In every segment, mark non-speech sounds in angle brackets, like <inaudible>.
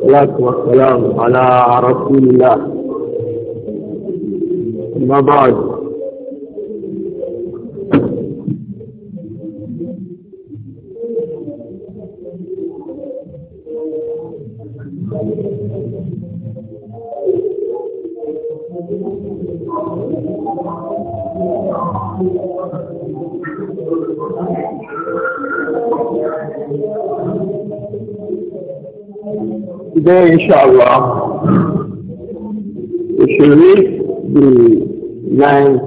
والصلاة والسلام على رسول الله أما بعد ده إن شاء الله الشريك بالناين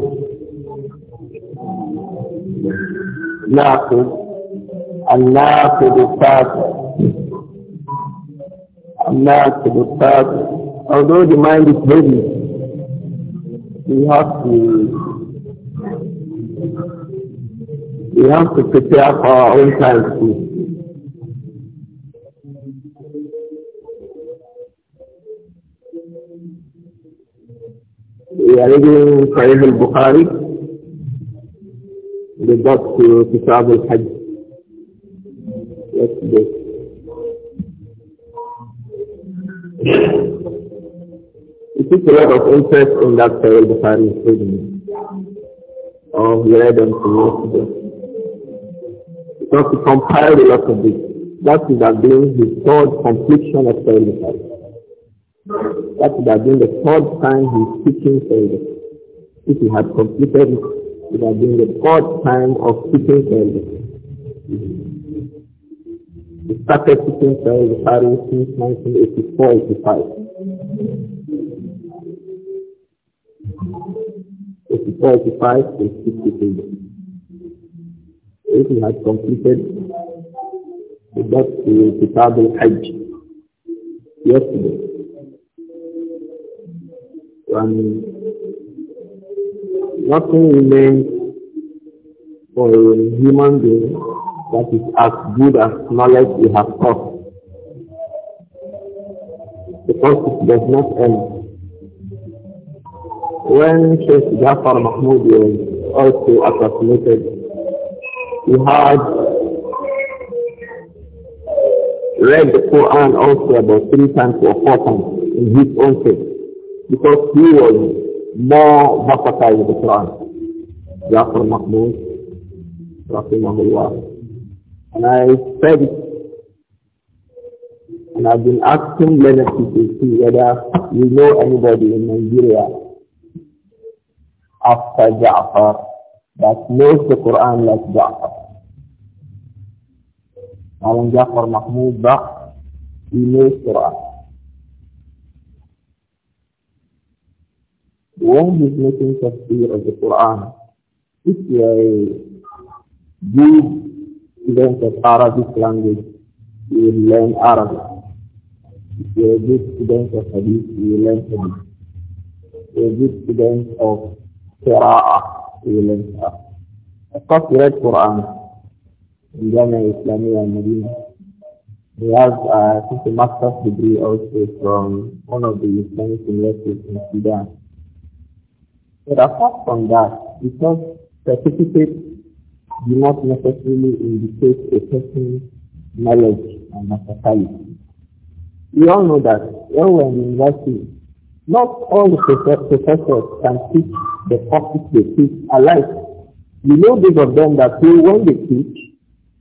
ناقد الناقد التاسع الناقد التاسع although the mind is heavy we have to we have to prepare for our own time too we are reading Sahih al-Bukhari, the book to Kitab hajj It took a lot of interest in that Sahih bukhari reading. Or oh, we read them some years ago. Because he compiled a lot of this. That is that being his third completion of Sahih bukhari that would have been the third time he's teaching service. If he had completed it, it would have been the third time of teaching service. He started speaking teaching service since 1984-85. 84-85 to 63 if he had completed the debt to Kitab al-Hajj yesterday and nothing remains for a human being that is as good as knowledge he has got, Because it does not end. When Sheikh Jafar Mahmoud was also assassinated, he had read the Quran also about three times or four times in his own case. because he was more versatile with the Quran. Jafar Mahmud, Rahimahullah. And I said, and I've been asking many people to see whether you know anybody in Nigeria after Jafar that knows the Quran like Jafar. Alam Jafar Mahmud, but he knows Quran. One is making tafsir of the Quran, if you are a good student of Arabic language, you will learn Arabic. If you are a good student of Hadith, you will learn Hadith. If you are a good student of Qira'ah, you will learn Qira'ah. Of course, we read Quran in Jama Islamia in Medina. He has, uh, I think, a master's degree also from one of the Islamic universities in Sudan. But apart from that, because certificates do not necessarily indicate a person's knowledge and versatility. We all know that when we're in university, not all the professors can teach the topics they teach alike. You know those of them that when they teach,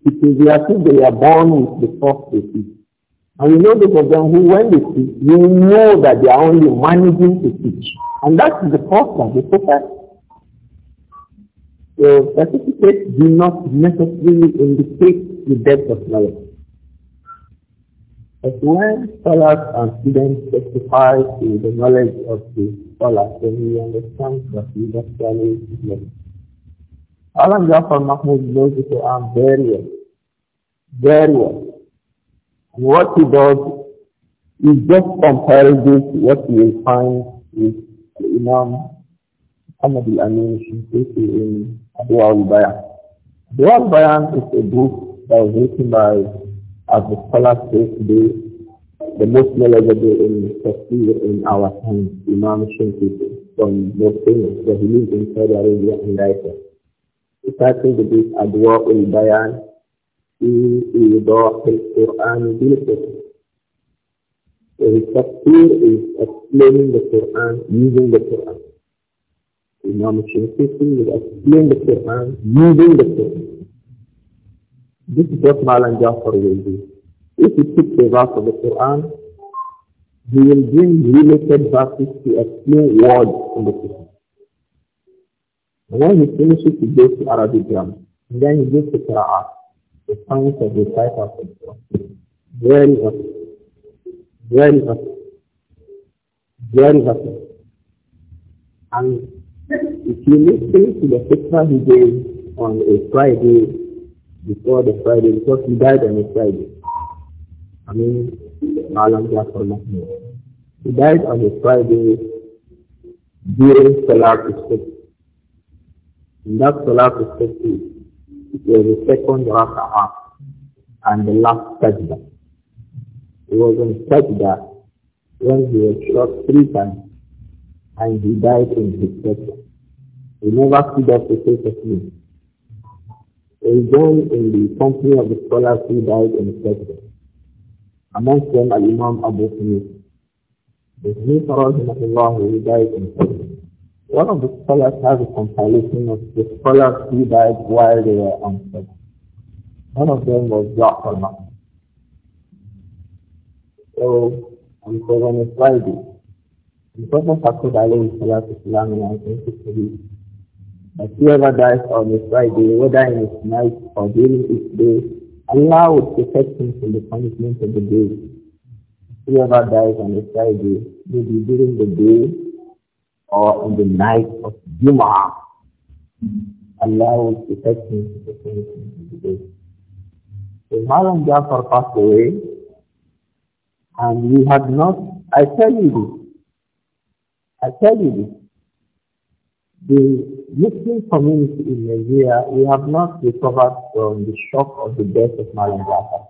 it is because they are born with the first they teach. And you know those of them who, when they teach, you know that they are only managing to teach. And that is the fault of the So certificates do not necessarily indicate the depth of knowledge. But when scholars and students testify to the knowledge of the scholar, then we understand that he actually is learning. Alan Jafar Mahmoud knows the Quran very well. Very well. And what he does is just comparing this to what he will find with Imam Ahmad al-Amin in Adwa al-Bayan. Adwa al-Bayan is a book that was written by, as the scholars today, the most knowledgeable in Tafsir in our time, Imam Shinkiti from Mauritania, so he lived in Saudi Arabia and Gaita. He titled the book Adwa al-Bayan, to إيضاح القرآن so his tafsir is explaining the Quran using the Quran. Imam Shinkifi will explain the Quran using the Quran. This is what Malan Jafar will do. If he picks a verse of the Quran, he will bring related verses to explain words in the Quran. And when he finishes, he goes to Arabic grammar. And then he goes to Qira'at, the science of the type of the Quran. Very important very hurtful. Very hurtful. And if you listen to the picture he gave on a Friday before the Friday, because he died on a Friday. I mean, for Jafar He died on a Friday during Salah perspective. In that Salah perspective, it was the second Raka'ah and the last Sajda. He was in Sajda when he was shot three times and he died in his Sajda. He never stood up to take a sleep. He joined in the company of the scholars who died in Sajda. Amongst them, Al-Imam Abu Hanif. Ibn Allah, who died in Sajda. One of the scholars has a compilation of the scholars who died while they were on Sajda. One of them was Ja'far so, on a Friday, the Prophet Fakut alayhi salatu salam in 1960 that whoever dies on a Friday, whether in the night or during its day, Allah would protect him from the punishment of the day. Whoever dies on a Friday, maybe during the day or in the night of Jum'ah, Allah would protect him from the punishment of the day. So Malam Jafar passed away and we have not, I tell you this, I tell you this, the Muslim community in Nigeria, we have not recovered from the shock of the death of Malam Jafar.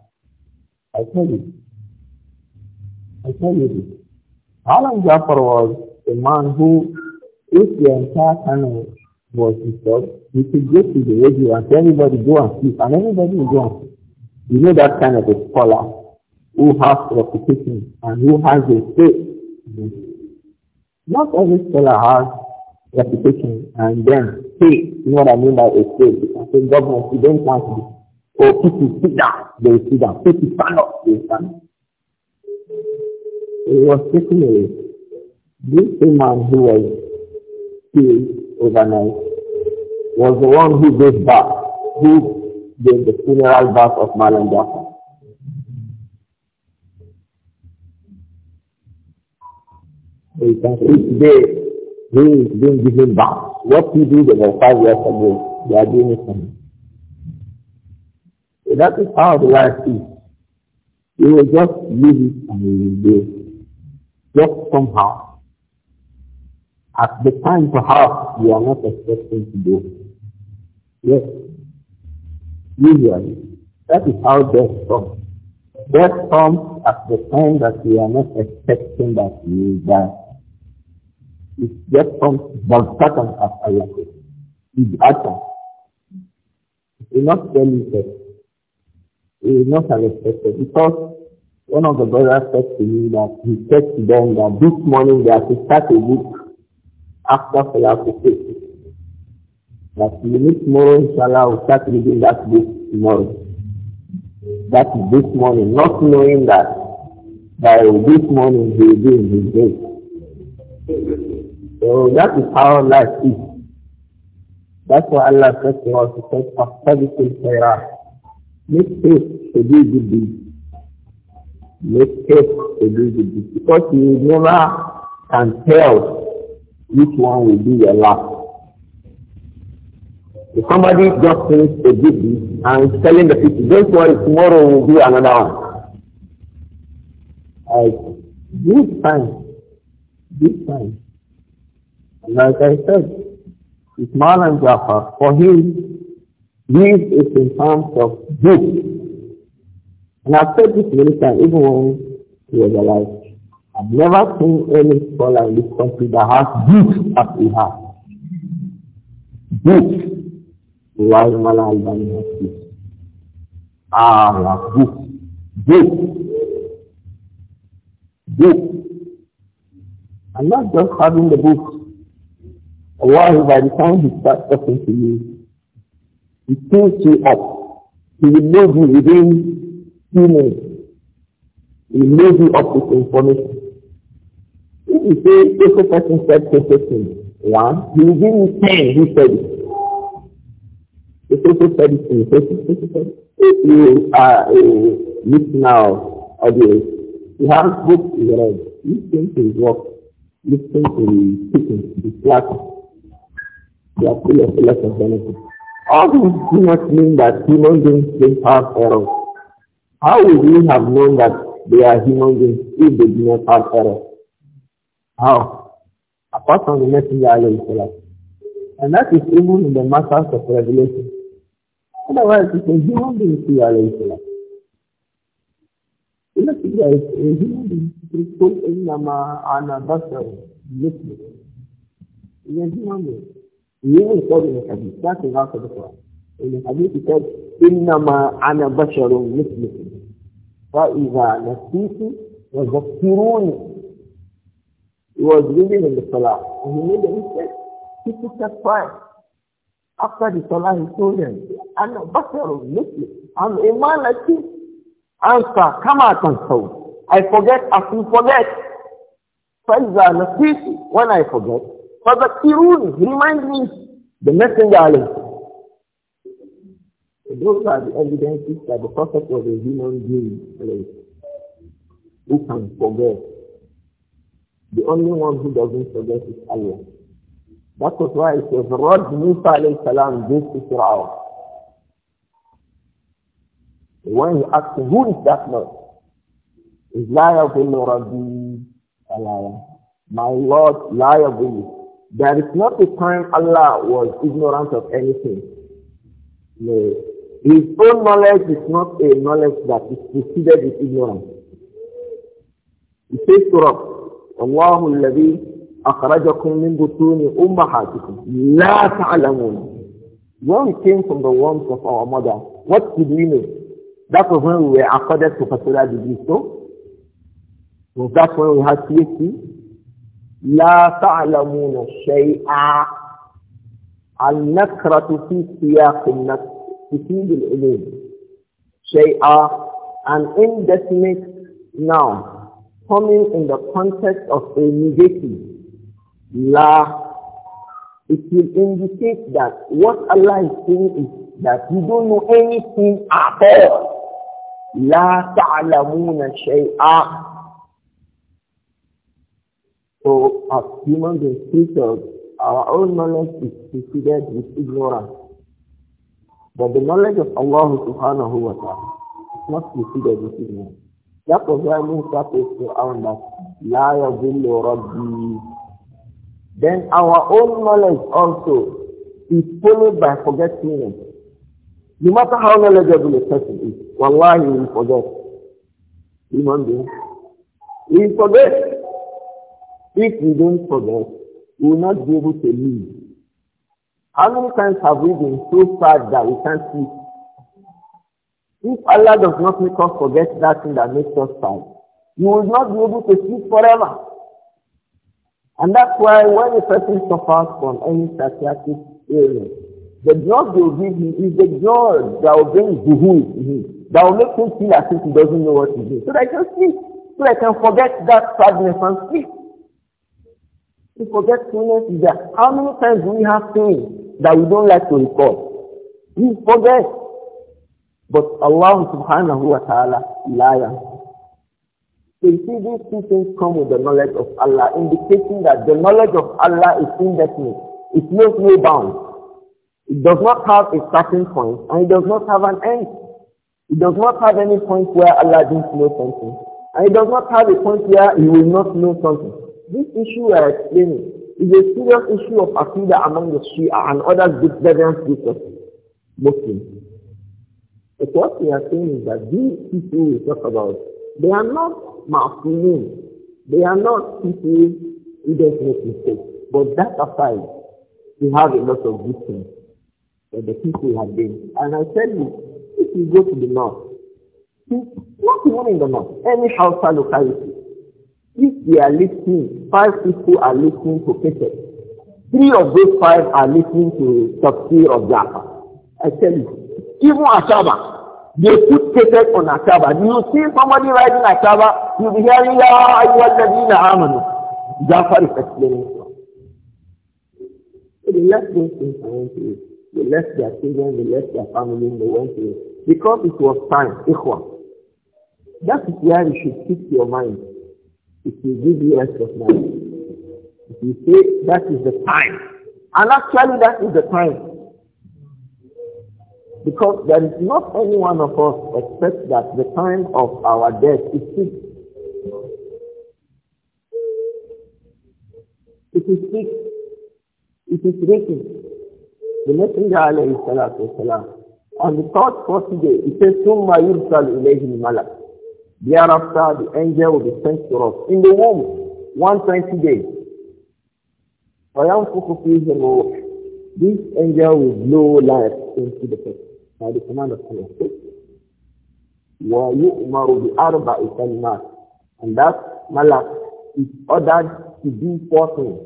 I tell you. I tell you this. Malam Jaffar was a man who, if the entire Kano was disturbed, he could go to the radio and tell everybody go and sleep, and everybody would go and sleep. You know that kind of a scholar who has reputation and who has a state? Not every scholar has reputation and then state. You know what I mean by a state? You can government, you don't want to. Or oh, people sit down, they sit down. People stand up, they stand up. It was taken away. This man who was killed overnight was the one who gave back, who gave the funeral bath of Malam So you can see today, he is being given back. What he did about five years ago, they are doing it for him. So that is how the life is. You will just leave it and you will do it. Just somehow. At the time perhaps you are not expecting to do it. Yes. Usually. That is how death comes. Death comes at the time that we are not expecting that we will die. is get from Bagtatan as Allah says. Bid'atan. It will not tell you that. It will not have respected because one of the brothers said to me that he said to them that this morning they have to start a book after Salah to take. That you need tomorrow, inshallah, will start reading that book tomorrow. That is this morning, not knowing that by this morning he will be in his grave. So oh, that is how life is. That's why Allah says to us, He says, Astabiqul khairah. Make haste to do good deeds. Make haste to do good deeds. Because you never can tell which one will be your last. If somebody just finished a good deed and is telling the people, don't worry, tomorrow will be another one. Like, good time, good time. Like I said, Ismail and Jafar, for him, this is in terms of good. And I've said this many times, even when he was alive. I've never seen any scholar in this country that has good as he has. Good. Why Mala Albani has good? Ah, good. Good. Good. I'm not just having the books. Allah, by the time he starts talking to you, he pulls you up. He will move you within two minutes. He will move you up with information. If you say, if a person said something, one, he will give you ten, he said it. The social service in the If you are a listener of audience, you have books in your head. Listen to his work. Listen to the teaching, the classes. They are full of lots of benefits. All these do not mean that human beings don't have errors. How would we have known that they are human beings if they do not have errors? How? Apart from the Messenger alayhi salam. And that is even in the matters of revelation. Otherwise, it's a human being to alayhi salam. The Messenger is a human being. He told Innama ana basar. He is a human being. He even said in the hadith, that is out of the Quran. In the hadith he said, إِنَّمَا أَنَا بَشَرٌ مِثْلِكُمْ فَإِذَا نَسِيتُ وَذَكِّرُونِ He was living in the Salah and he made a mistake. He took that fire. After the Salah he told them, أَنَا بَشَرٌ مِثْلِكُمْ I'm a man like you. Answer, come out and tell. I forget as you forget. فَإِذَا نَسِيتُ When I forget, Fadakirun, remind me, the messenger alayhi. Those are the evidences that the prophet was a human being alayhi, who can forget. The only one who doesn't forget is Allah. That was why it was Rod Musa alayhi salam "This is Fir'aun. When he asked him, who is that Lord? Is Liar of Allah My Lord, Liar of there is not a time Allah was ignorant of anything. No. His own knowledge is not a knowledge that is preceded with ignorance. He says to us, Allah الذي أخرجكم min بطون أمهاتكم la تعلمون When we came from the womb of our mother, what did we know? That was when we were accorded to particular degrees, no? Was that when we had PhD? لا تعلمون شيئا النكرة في سياق النكر في العلوم شيئا an indefinite noun coming in the context of a negative la it will indicate that what Allah is saying is that you don't know anything at all la ta'lamuna shay'a So as human beings, creatures, our own knowledge is preceded with ignorance. But the knowledge of Allah subhanahu wa ta'ala is not preceded with ignorance. That was why Musa says to Aaron that, La yadillu rabbi. Then our own knowledge also is followed by forgetfulness. No matter how knowledgeable a person is, wallahi he will forget. Human beings. He forget. If we don't progress, we will not be able to live. How many times have we been so sad that we can't sleep? If Allah does not make us forget that thing that makes us sad, you will not be able to sleep forever. And that's why when a person suffers from any psychiatric illness, the drug they will give him is the drug that will bring buhu in him, that will make him feel as if he doesn't know what to do. So that he can sleep, so that he can forget that sadness and sleep. Forgetfulness is that How many times we have things that we don't like to recall? We forget. But Allah subhanahu wa ta'ala liar. So you see these two things come with the knowledge of Allah, indicating that the knowledge of Allah is indefinite. It knows no bounds. It does not have a starting point and it does not have an end. It does not have any point where Allah didn't know something. And it does not have a point where he will not know something. This issue we are explaining is a serious issue of Aqidah among the Shia and other discordant groups of Muslims. But what we are saying is that these people we talk about, they are not ma'afunin. They are not people who don't make mistakes. But that aside, we have a lot of victims that the people have been. And I tell you, if you go to the north, not even in the north, any house, locality, if they are listening, five people are listening to Peter. Three of those five are listening to Tafsir of Jaffa. I tell you, even Ashaba, they put Peter on Ashaba. Do you see somebody riding Ashaba? You'll be hearing, Ya Ayyuhalladina Amanu. Jaffa is explaining to So the last thing things want went to it. They left their children, they left their family, and they went to Because it was time, ikhwa. That is where you should keep your mind. It will give you rest of mind. If you say that is the time, and actually that is the time, because there is not any one of us except that the time of our death is fixed. It is fixed. It is written. The Messenger alayhi salatu wasalam, on the third forty day, it says, ثُمَّ يُرْسَلْ إِلَيْهِ الْمَلَكُ Thereafter, the angel will be sent to us in the womb, 120 days. This angel will blow life into the person by the command of Allah. وَيُؤْمَرُ بِأَرْبَعِ كَلِمَاتٍ And that malak is ordered to do four things,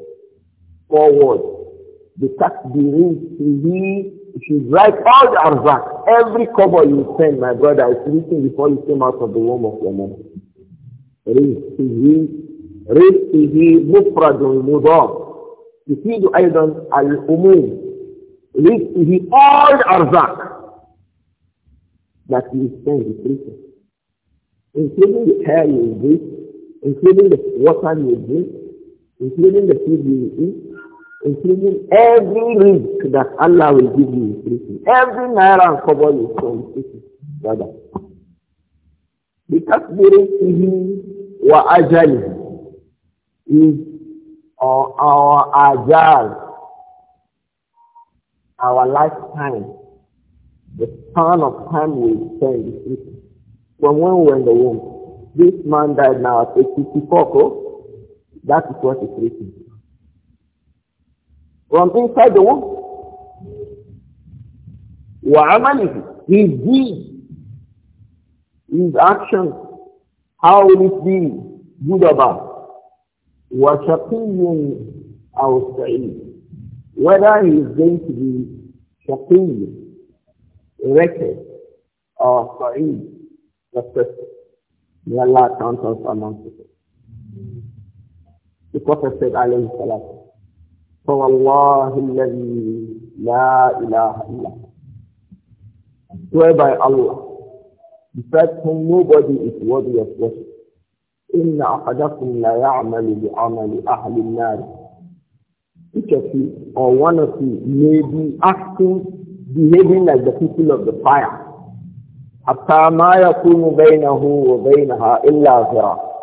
four words. The takbiri, If you write all the arzak, every cover you send, my brother, is written before you came out of the womb of your mother. رزقه رزقه مفرد مضاف يفيد أيضا الأمور رزقه all the arzak that you send, is written. Including the air you breathe, including the water you drink, including the food you eat, including every risk that Allah will give you in increasing. Every naira and cover you saw increasing, brother. Because birinsihi wa ajali is our, our ajal, our lifetime, the span of time we spend increasing. From when we were in the womb, this man died now at 64. Oh, that is what is written. from inside the womb. وَعَمَلِهِ His deeds, his actions, how will it be good or bad? وَشَقِيٌّ Our سَعِيدٌ Whether he is going to be shaqi, wretched, or sa'id, it. May Allah count us amongst us. The Prophet said, alayhi salatu فوالله الذي لا إله إلا هو swear by Allah besides whom nobody is worthy of worship إن أحدكم لا يعمل بعمل أهل النار each of you or one of you may be acting behaving like the people of the fire حتى ما يكون بينه وبينها إلا ذراع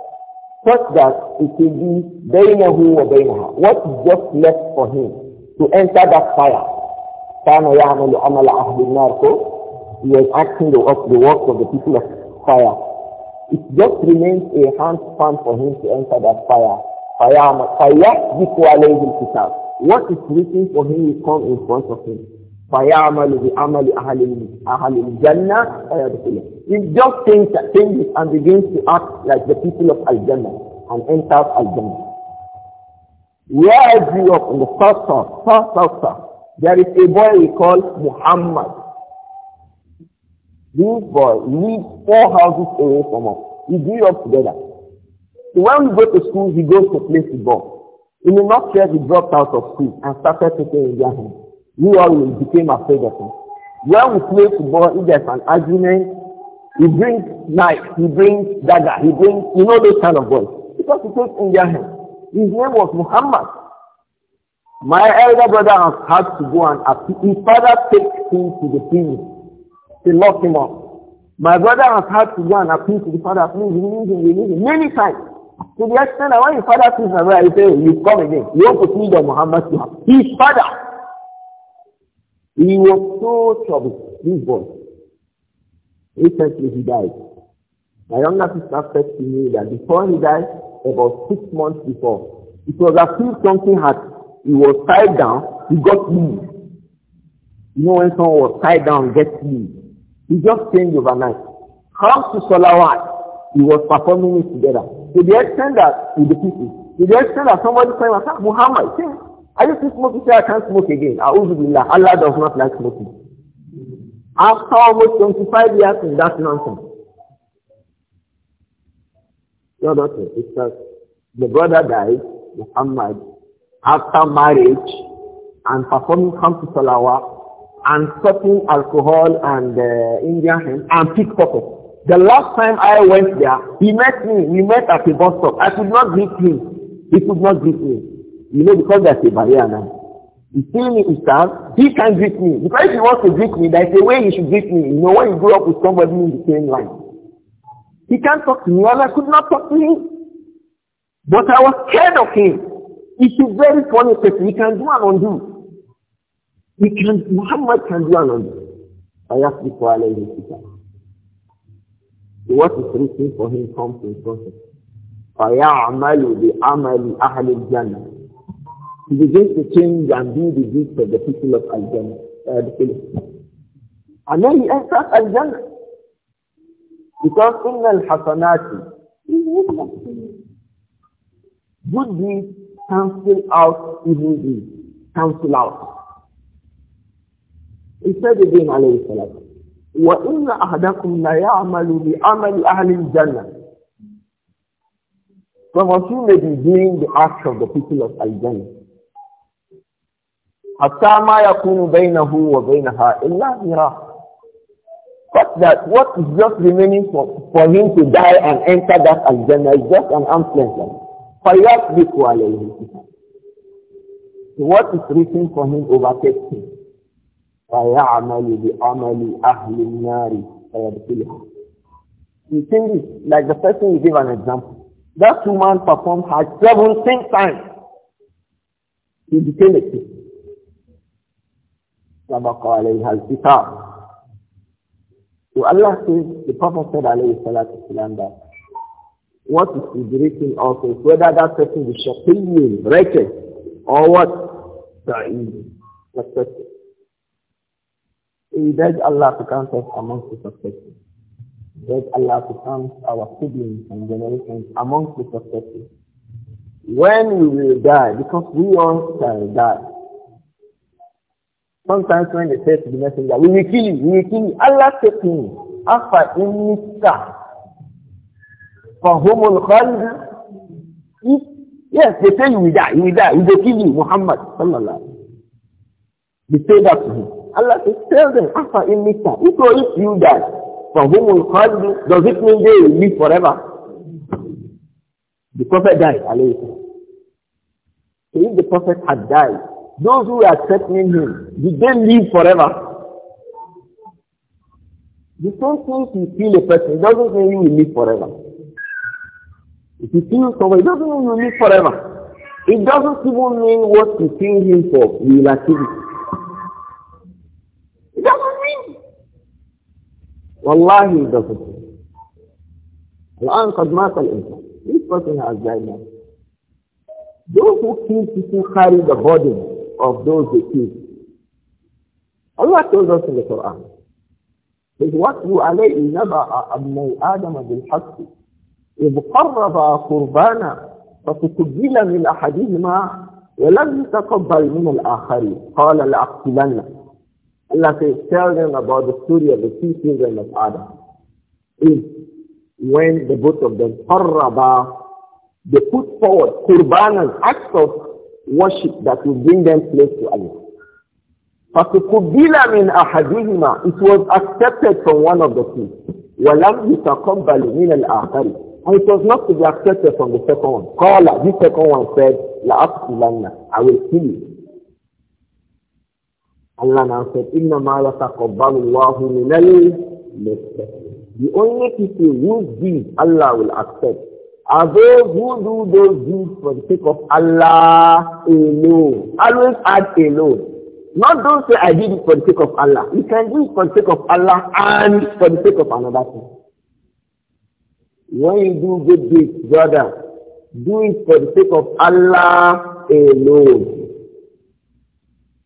such that it will be بينه وبينها what is just left for him to enter that fire كان يعمل عمل النار so he was acting the, the works of the people of fire it just remains a hand span for him to enter that fire فيعمل فيحذف عليه الكتاب what is written for him will come in front of him فَيَعْمَلُ Amali, أَهَلِ أَهَلِ الْجَنَّةِ فَيَدْخُلُهُ He just thinks, things and begins to act like the people of Al-Jannah and enters Al-Jannah. Where grew up, in the first house, first house, There is a boy we call Muhammad. This boy lives four houses away from us. We grew up together. So when we go to school, he goes to play football. In the next year, he dropped out of school and started taking Indian hand you all will became afraid of him. When we play football, if there's an argument, he brings knife, he brings dagger, he brings, you know, those kind of boys. Because he takes in their hand. His name was Muhammad. My elder brother has had to go and appeal. His father takes him to the prison. They locked him up. My brother has had to go and appeal to the father, please release him, him, many times. To the extent that when his father sees my brother, he says, you come again. You want to see the Muhammad to have. His father He was so troubled, this boy. Recently he died. My younger sister said to me that before he died, about six months before, it was as if something had, he was tied down, he got moved. You know when someone was tied down, get moved. He just changed overnight. Come to Salawat, he was performing it together. To the extent that, with the people, to the extent that somebody came and said, Muhammad, change. I used to smoke, He said, I can't smoke again. A'udhu Allah does not like smoking. After almost 25 years in that nonsense. No, not it. It's that the brother died, Muhammad, after marriage and performing Khamsu Salawat and stopping alcohol and uh, Indian hemp and pickpocket. The last time I went there, he met me. We met at a bus stop. I could not greet him. He could not greet me. You know, because that's a barrier now. You see me stand. he can greet me. Because if he wants to greet me, That's the way he should greet me. You know, when you grow up with somebody in the same line. He can't talk to me, and I could not talk to him. But I was scared of him. He's a very funny person. He can do and undo. He can, Muhammad can do and undo. I asked before I let lay his What is written for him comes in front of him. فَيَعْمَلُ بِعَمَلِ أَهْلِ الْجَنَّةِ He begins to change and be the gift of the people of Al-Jannah. Uh, the people. And then he enters Al-Jannah. Because in Al-Hasanati, good deeds cancel out evil deeds. Cancel out. He said again, alayhi salatu. وإن أحدكم لا يعمل بعمل أهل الجنة Some of you may be doing the acts of the people of Al-Jannah. حتى ما يكون بينه وبينها إلا ذراع. But that what is just remaining for, for him to die and enter that al is just an arm's length. فَيَسْبِقُ عَلَيْهِ So what is written for him overtakes him. فَيَعْمَلُ بِعَمَلِ أَهْلِ النَّارِ فَيَدْخِلُهَا You think it's like the person you give an example. That woman performed her 17 times. He became a king sabaqa alayha al-kitab. Allah says, the Prophet said alayhi salatu salam that what is liberating also is whether that person is shaqiyin, righteous, or what? Sa'id, successful. So we beg Allah to count us amongst the successful. Beg Allah to count our siblings and generations amongst the successful. When we will die, because we all shall die, Sometimes when they say to the messenger, we will kill you, we will kill you. Allah said to me, Afa innista. Fahumul khalid. Yes, they say you will die, you will die, we will kill you, Muhammad sallallahu They say that to him. Allah says, tell them, Afa innista. If or if you die, Fahumul khalid, does it mean they will live forever? The Prophet died, alayhi So if the Prophet had died, Those who are threatening him, did they live forever? The same thing if you kill a person, doesn't mean you will live forever. If you kill it doesn't mean you will live forever. It doesn't even mean what you kill him for will achieve it. It doesn't mean. Wallahi, it doesn't mean. Al قد مات الإنسان. This person has died now. Those who kill people carry the burden of those who killed. Allah tells us in the Quran, says, وَاتْلُوا عَلَيْهِ نَبَعَ أَبْنَيْ آدَمَ بِالْحَقِّ إِذْ قَرَّبَا قُرْبَانًا فتقبل من أحدهما ولم يتقبل من الآخر قال لأقتلنك Allah says, tell them about the story of the two children of Adam. Is when the both of them, قربا, they put forward قربانا, acts of worship that will bring them close to Allah. فَتُقُبِّلَ مِنْ أَحَدِهِمَا It was accepted from one of the two. وَلَمْ يُتَقَبَّلْ مِنَ الْآخَرِ And it was not to be accepted from the second one. قَالَ This second one said, لَأَقْتُلَنَّ I will kill you. Allah now said, إِنَّمَا يَتَقَبَّلُ اللَّهُ مِنَ الْمُتَّقِينَ The only people who give, Allah will accept. And those who do those deeds for the sake of Allah alone. Always add alone. Not don't say I did it for the sake of Allah. You can do it for the sake of Allah and for the sake of another thing. When you do good deeds, brother, do it for the sake of Allah alone.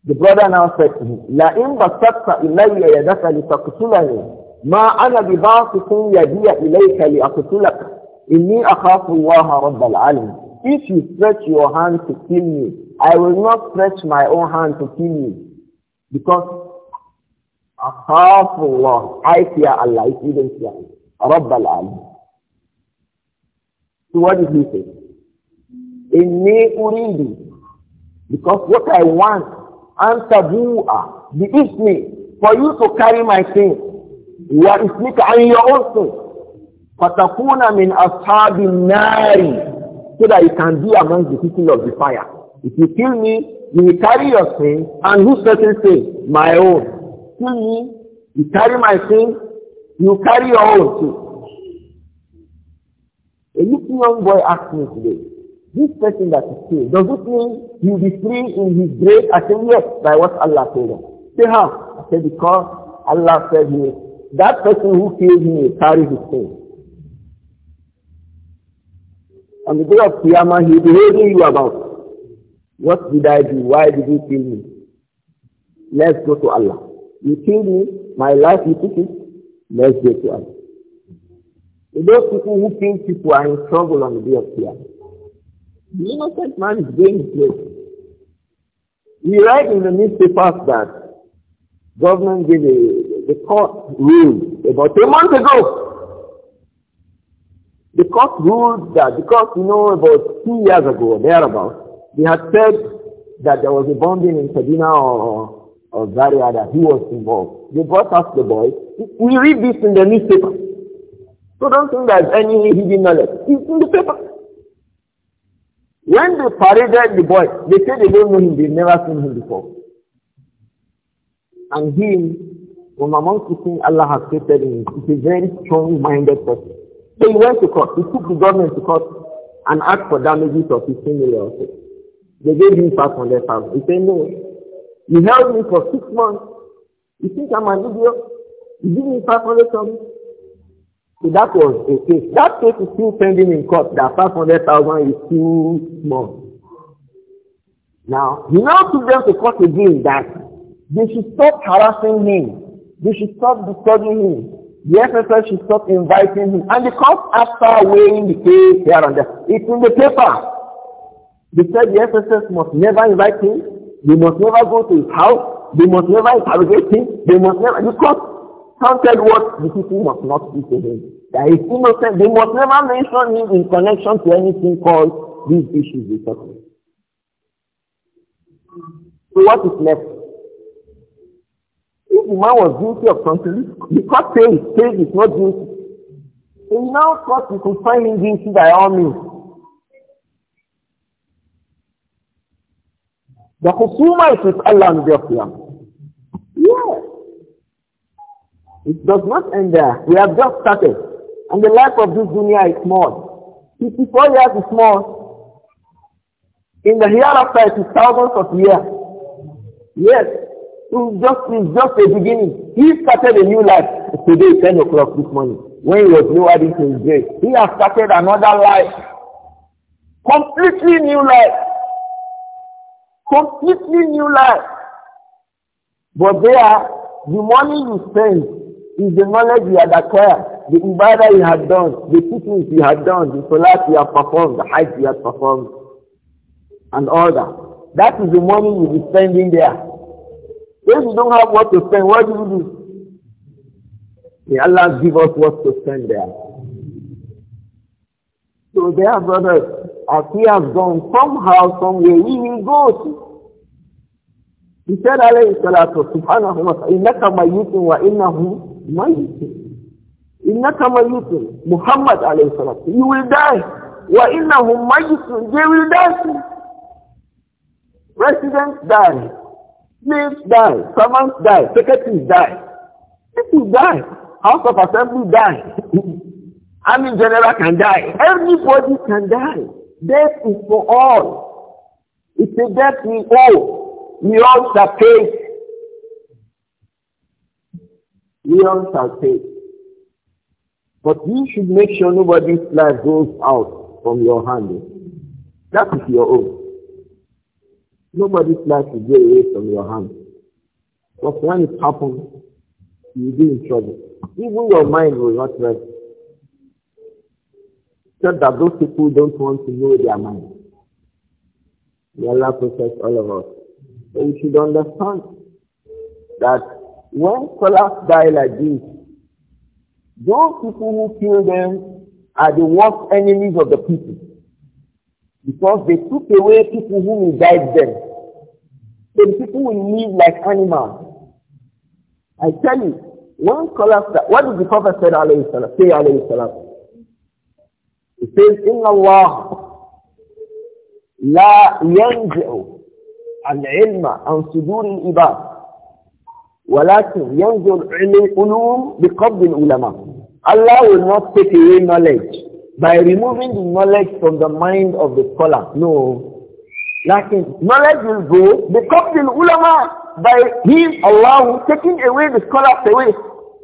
The brother now said to him, La imba basatta ilayya yadaka li taqtulani ma ana bi ba'tikum yadiya ilayka li aqtulaka إِنِّي أَخَافُ اللَّهَ رَبَّ الْعَالَمِينَ If you stretch your hand to kill me, I will not stretch my own hand to kill you. Because أَخَافُ اللَّهَ I fear Allah, even you fear Allah. رَبَّ So what did he say? إِنِّي uridu Because what I want, أَنْتَبُوءَ me For you to carry my sin. You are ismika on your own sin. Fatakuna min ashabin nari. So that you can be among the people of the fire. If you kill me, you will carry your sin. And who certain sin? My own. Kill me, you carry my sin, you carry your own too. A little young boy asked me today, this person that is killed, does it mean he will be free in his grave? I said, yes, by what Allah told him. Say how? I said, because Allah said he, that person who killed me will carry his sin. On the day of Qiyamah, he'll be holding you about. What did I do? Why did you kill me? Let's go to Allah. You killed me, my life you took it, let's go to Allah. So those people who kill people are in trouble on the day of Qiyamah. The innocent man is going to We write in the newspapers that government gave a, the court ruled about two months ago The court ruled that because you know about two years ago or thereabouts, they had said that there was a bombing in Sabina or, or Zaria that he was involved. They brought us the boy. We read this in the newspaper. So don't think there's any hidden knowledge. It's in the paper. When they paraded the boy, they said they don't know him, they've never seen him before. And him, from amongst the things Allah has created him, He's a very strong-minded person. So he went to court. He took the government to court and asked for damages of 15 million. They gave him 500,000. He said, no. You held me for six months. You think I'm an idiot? You give me 500,000? So that was the case. That case is still pending in court. That 500,000 is too small. Now, he now took them to court again that they should stop harassing him. They should stop disturbing him. The FSS should stop inviting him. And the court, after weighing the case here and there, it's in the paper. They said the FSS must never invite him. They must never go to his house. They must never interrogate him. They must never. The court counted what the people must not do to him. That is innocent. They must never mention him in connection to anything called these issues they talk about. So what is left? If the man was guilty of something, the court says, says it's not guilty. In now court, you could find him guilty by all means. The khusuma is with Allah the of Yes. It does not end there. We have just started. And the life of this dunya is small. 54 years is small. In the hereafter, it is thousands of years. Yes. It's just, it's just the beginning. He started a new life. Today, 10 o'clock this morning, when he was lowered into his grave, he has started another life. Completely new life. Completely new life. But there, the money you spend is the knowledge you had acquired, the ibadah you had done, the teachings you had done, the salat you have performed, the hajj you have performed, and all that. That is the money you will be spending there. If you don't have what to spend, what do you do? May Allah give us what to spend there. So there, brothers, as He has gone somehow, somewhere, we will go to. He said, alayhi salatu subhanahu wa ta'ala, innaka mayyutun wa innahu mayyutun. Innaka mayyutun. Muhammad alayhi salatu. You will die. Wa innahum mayyutun. They will die. Residents die. Slaves die, servants die, secretaries die, people die, House of Assembly die, <laughs> army general can die, everybody can die. Death is for all. It's a death we owe. We all shall pay. We all shall pay. But you should make sure nobody's life goes out from your hand. That is your own. Nobody's life will go away from your hand. But when it happens, you'll be in trouble. Even your mind will not rest. Except that those people don't want to know their mind. May Allah protect all of us. But we should understand that when scholars die like this, those people who kill them are the worst enemies of the people because they took away people who will guide them the people will live like animals. I tell you, one collapse, what did the Prophet say, alayhi salam, say, alayhi salam? He says, Inna Allah la yanzi'u al-ilma an sudur al-ibad ولكن ينظر العلوم بقبض العلماء Allah will not take away knowledge by removing the knowledge from the mind of the scholar. No, Like knowledge will go, becomes the ulama by him, Allah, taking away the scholars away.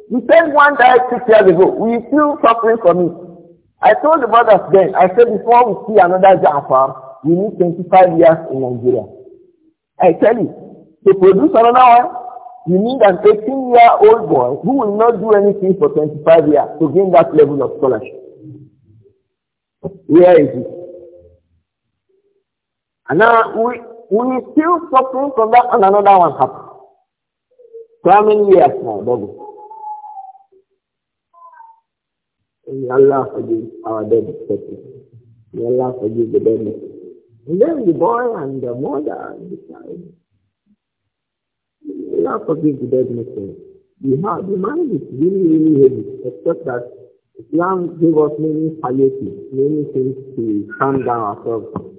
He said one died six years ago. We still suffering from it. I told the brothers then, I said before we see another Jafar, we need 25 years in Nigeria. I tell you, to produce another one, you need an 18-year-old boy who will not do anything for 25 years to gain that level of scholarship. Where is it? And now we, we still suffering from that and another one happened. So how many years now, Babu? May Allah forgive our dead people. May Allah forgive the dead And then the boy and the mother decide. May Allah forgive the dead people. The, heart, the mind is really, really heavy, except that Islam gave us many palliatives, many things to calm down ourselves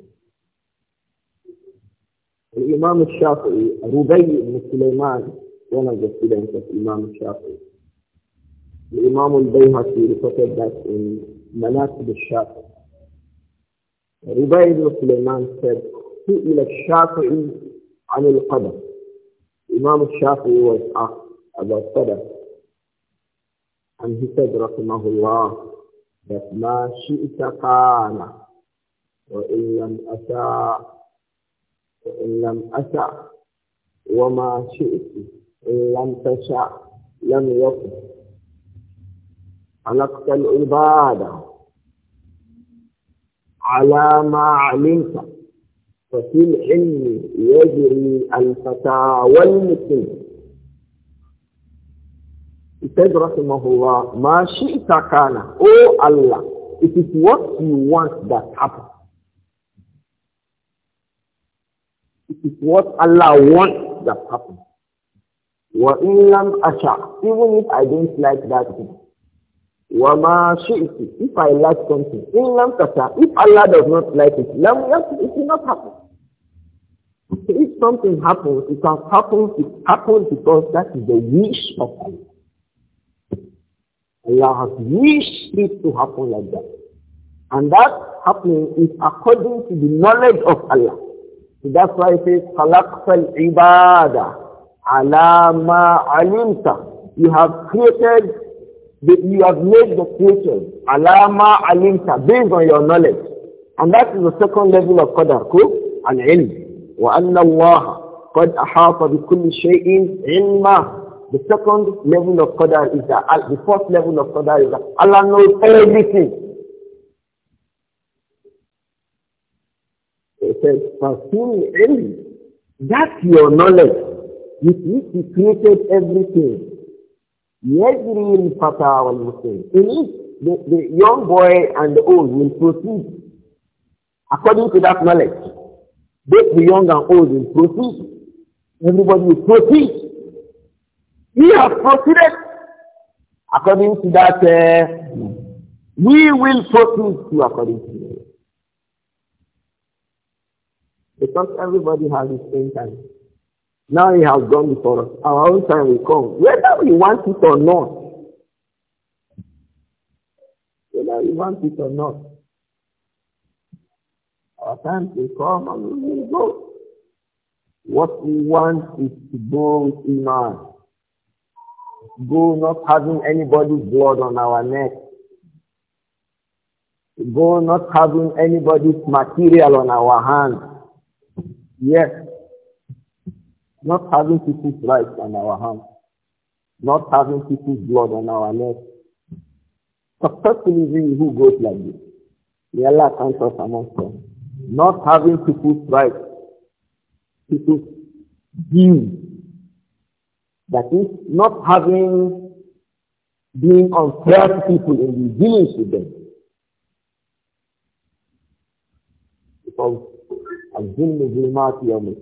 الإمام الشافعي ربيع بن سليمان one of the students of Imam Shafi. The Imam al-Bayhaqi reported that in Manasib al-Shafi. Rubai ibn Sulaiman said, سئل الشافعي عن القدر. Imam al-Shafi was asked about qadr. And he said, رحمه الله, that ما شئت قال وإن لم أساء إن لم أسع وما شئت إن لم تشع لم يكن خلقت العبادة على ما علمت ففي العلم يجري الفتى والمسلم said Rahimahullah, Ma shi'ta kana, O Allah, it is what you want that happens. It is what Allah wants that happens. وَإِنْ لَمْ Acha. Even if I don't like that thing. وَمَا شِئْتِ If I like something. إِنْ لَمْ If Allah does not like it, لَمْ It will not happen. If something happens, it has happened, it happened because that is the wish of Allah. Allah has wished it to happen like that. And that happening is according to the knowledge of Allah. So that's why it says, خَلَقْتَ الْعِبَادَ عَلَى مَا عَلِمْتَ You have created, the, you have made the creatures, عَلَى مَا عَلِمْتَ Based on your knowledge. And that is the second level of qadar, cool? al Wa وَأَنَّ اللَّهَ قَدْ أَحَاطَ بِكُلِّ شَيْءٍ عِلْمًا The second level of qadar is that, the fourth level of qadar is that Allah knows everything. It says, Fasuni ilm. That's your knowledge with which He created everything. Yajri al-Fata wal-Muslim. In it, the, the young boy and the old will proceed according to that knowledge. Both the young and old will proceed. Everybody will proceed. We have proceeded according to that. Uh, we will proceed to according to that. Because everybody has the same time. Now he has gone before us. Our own time will come. Whether we want it or not. Whether we want it or not. Our time will come and we will go. What we want is to go in Iman. Go not having anybody's blood on our neck. Go not having anybody's material on our hands. Yes. Not having people's rights on our hands. Not having people's blood on our neck. Successfully we who goes like this. May Allah count us amongst them. Not having people's rights, people's views. That is, not having, being unfair to people in the dealings with them. Because ظل ظلمات يوم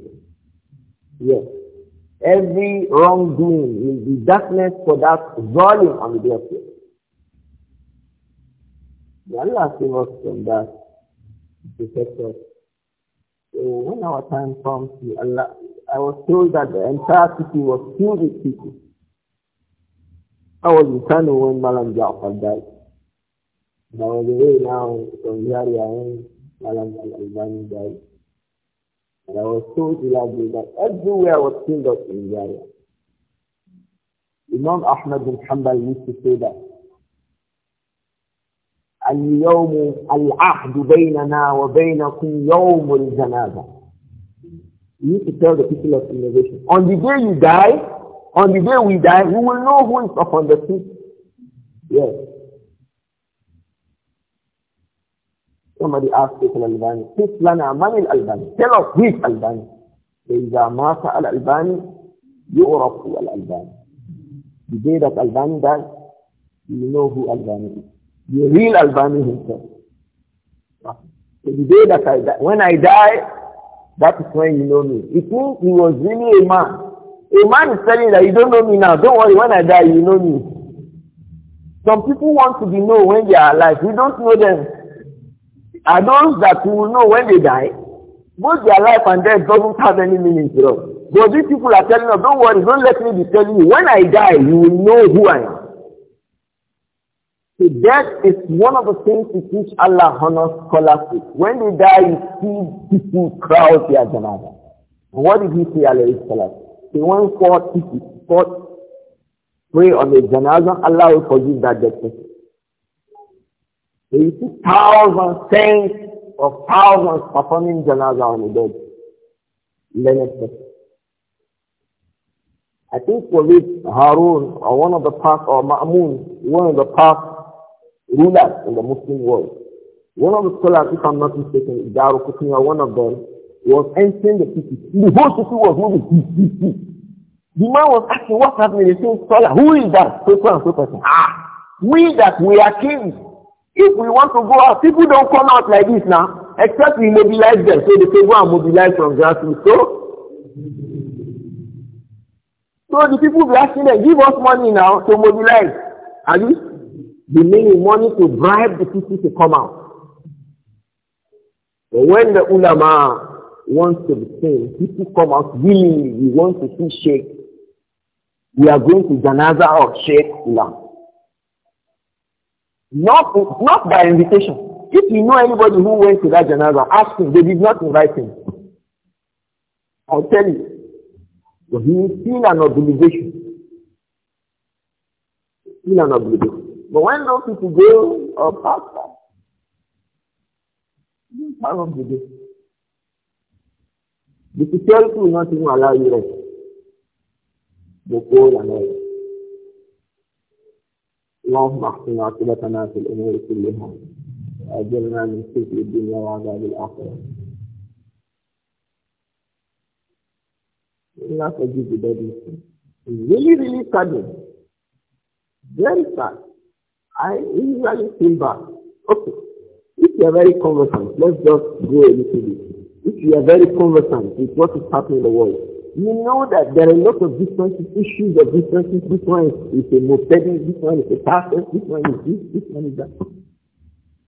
Yes. Every wrongdoing will be darkness for that volume on the day of judgment. Allah save us from that. Protect So when our time comes, Allah, I was told that the entire city was filled with people. I was in Kano when Malam Ja'far died. And I was away now from here, when Malam Al-Albani died. And I was told reliably that everywhere was filled up in the Imam Ahmad bin Hanbal used to say that اليوم العهد بيننا وبينكم يوم الجنازة. You need to tell the people of innovation. On the day you die, on the day we die, we will know who is upon the seat. Yes. Somebody asked Sheikh al-Albani, Sheikh Lana Man al-Albani, tell us who al-Albani. إذا مات al يعرف al The day that albani dies, you know who Alban albani is. The real albani himself. So the day that I die, when I die, that is when you know me. It means he was really a man. A man is telling that you don't know me now. Don't worry, when I die, you know me. Some people want to be known when they are alive. We don't know them are those that will know when they die, both their life and death doesn't have any meaning to them. But these people are telling us, don't worry, don't let me be telling you. When I die, you will know who I am. So death is one of the things to teach Allah honors scholars When they die, you see people crowd their janaza. what did he say, alayhi salatu? He went forth, he fought, pray on the janaza, Allah will forgive that person. He used thousands, tens of thousands performing janaza on the dead. Learned I think for it Harun or one of the past, or Ma'mun, one of the past rulers in the Muslim world. One of the scholars, if I'm not mistaken, Daru Kutniya, one of them, was entering the city. The whole city was moving. the man was asking, what's happening? He said, scholar, who is that? So and so person. Ah, we that we are kings. If we want to go out, people don't come out like this now, except we mobilize them. So the people are mobilized from grassroots. So, so the people will asking them, give us money now to mobilize. Are you? The need money to bribe the people to come out. But when the ulama wants to be seen, people come out willingly. We want to see Sheikh. We are going to Janaza or Sheikh Ulam. Not, not by invitation. If you know anybody who went to that janaza, ask him. They did not invite him. I'll tell you. So he is still an obligation. Still an obligation. But when those people go or pass that, you have obligation. The security will not even allow you rest. The cold and all اللهم احسن عاقبتنا في الامور كلها واجرنا من خزي الدنيا وعذاب الاخره Allah forgive the body. Really, really sudden. Very sad. I usually feel bad. Okay. If you are very conversant, let's just go a little bit. If you are very conversant with what is happening in the world, you know that there are a lot of differences, issues of differences. This one is, is a Mopedi, this one is a pastor, this one is this, this one is that.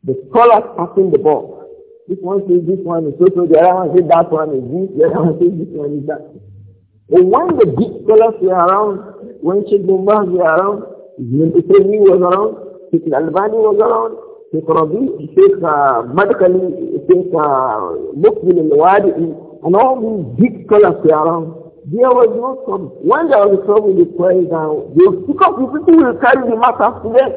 The scholars passing the ball. This one says this one is so, so the other one says that one is this, the other one says this one is that. But when the big scholars were around, when Sheikh Bumbaz were around, Ibn was around, Sheikh Al-Albani was around, Sheikh Rabi, Sheikh uh, Madkali, Sheikh uh, Mukbil al-Wadi'i, and all these big scholars were around, there was no trouble. When there was a trouble, they prayed down. They pick up the people will carry the matter to them.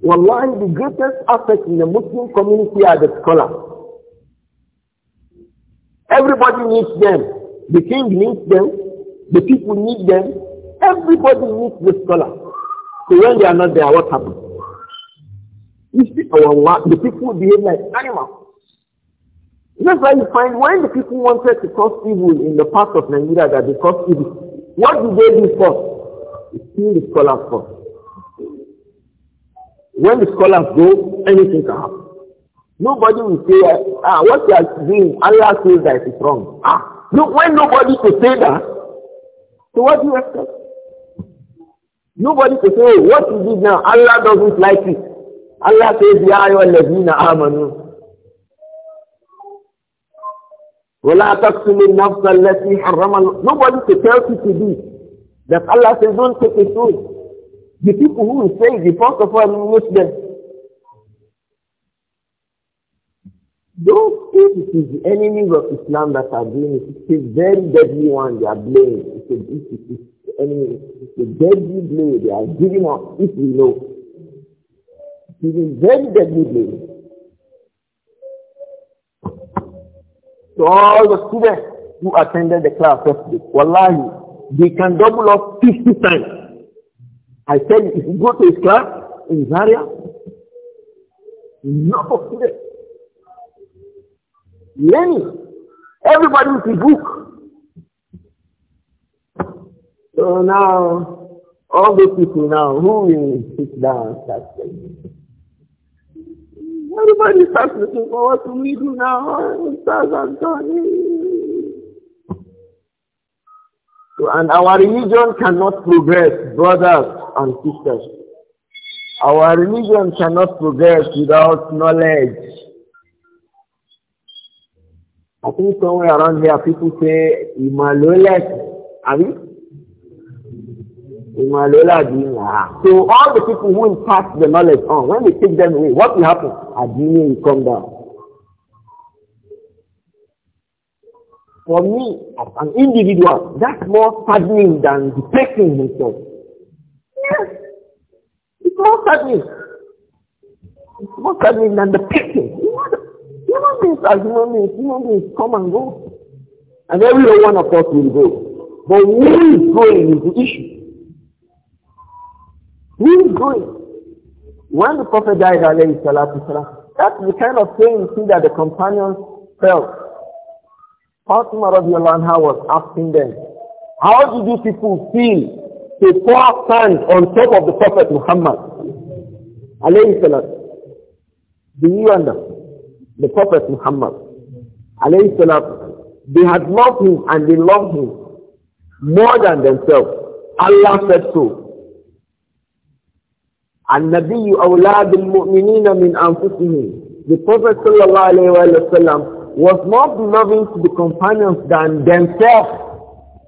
Wallahi, the greatest asset in the Muslim community are the scholars. Everybody needs them. The king needs them. The people need them. Everybody needs the scholars. So when they are not there, what happens? You see, oh, Allah, the people behave like animals. That's why you find when the people wanted to cause evil in the past of Nigeria that they caused evil, what did they do first? It's still the scholars first. When the scholars go, anything can happen. Nobody will say, ah, what you are doing, Allah says that it is wrong. Ah, no, when nobody to say that, so what do you expect? Nobody to say, oh, what you did now, Allah doesn't like it. Allah says, Ya ayyuhallazina amanu. وَلَا I النَّفْسَ الَّتِي حَرَّمَ Nobody to tell you to do. That Allah says, don't take a soul. The people who will say, the first of all, meet them. Those think it is the enemies of Islam that are doing it, it's a very deadly one they are blaming. It's a, it's, it's, it's, enemy, it's a deadly blow they are giving us if we know. It is a very deadly blame. to all the students who attended the class yesterday. Wallahi, they can double up 50 times. I said, if you go to his class in Zaria, enough of students. Many, Everybody with a book. So now, all the people now, who will sit down and start saying? Everybody starts looking forward to me oh, do now. Oh, stars and turning. and our religion cannot progress, brothers and sisters. Our religion cannot progress without knowledge. I think somewhere around here people say, Imalolek, I mean, So all the people who impart the knowledge on, when we take them away, what will happen? Adini will come down. For me, as an individual, that's more saddening than depressing myself. himself. Yes. It's more saddening. It's more saddening than the person. Human beings are human beings. Human beings come and go. And every one of us will go. But where is going is the issue. Who is going? When the Prophet died, that's the kind of thing you see that the companions felt. Fatima radiallahu anha was asking them, how do these people feel to pour sand on top of the Prophet Muhammad? Alayhi salam. Do you understand? The Prophet Muhammad. Alayhi salam. They had loved him and they loved him more than themselves. Allah said so. النبي من أنفسهم The Prophet sallallahu alaihi wasallam was more beloved to the companions than themselves.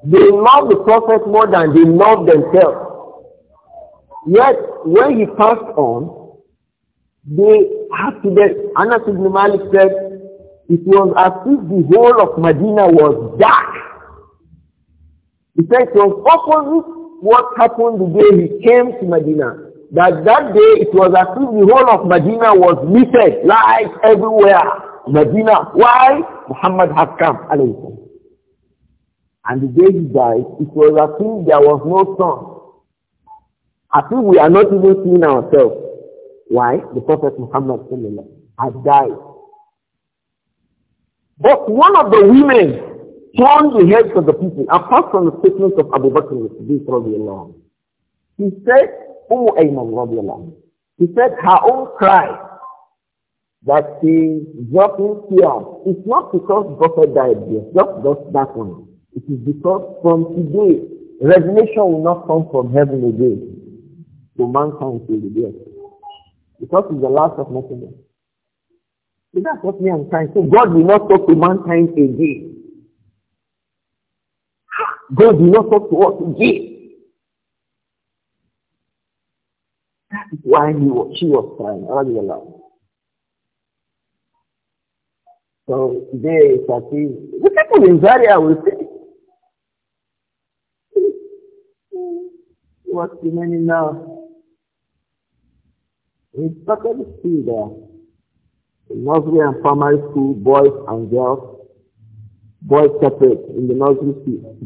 They loved the Prophet more than they loved themselves. Yet, when he passed on, they had to get, Anas ibn Malik said, it was as if the whole of Medina was dark. He said it was opposite what happened the day he came to Medina that that day it was as if the whole of Medina was littered, lights everywhere. Medina. Why? Muhammad has come. And the day he died, it was as if there was no sun. As if we are not even seeing ourselves. Why? The Prophet Muhammad had died. But one of the women turned the heads of the people, apart from the statement of Abu Bakr, this He said, Umm Ayman He said her own cry that she dropped in tears. It's not because Prophet died there, just, just that one. It is because from today, revelation will not come from heaven again to mankind to the earth. Because it's the last of messenger. So that's what me and Christ So God will not talk to mankind again. God will not talk to us again. while he was, she was crying, radiallahu So they succeed. The people in Zaria will say, what's the money now? We started to see the nursery and primary school, boys and girls, boys separate in the nursery school,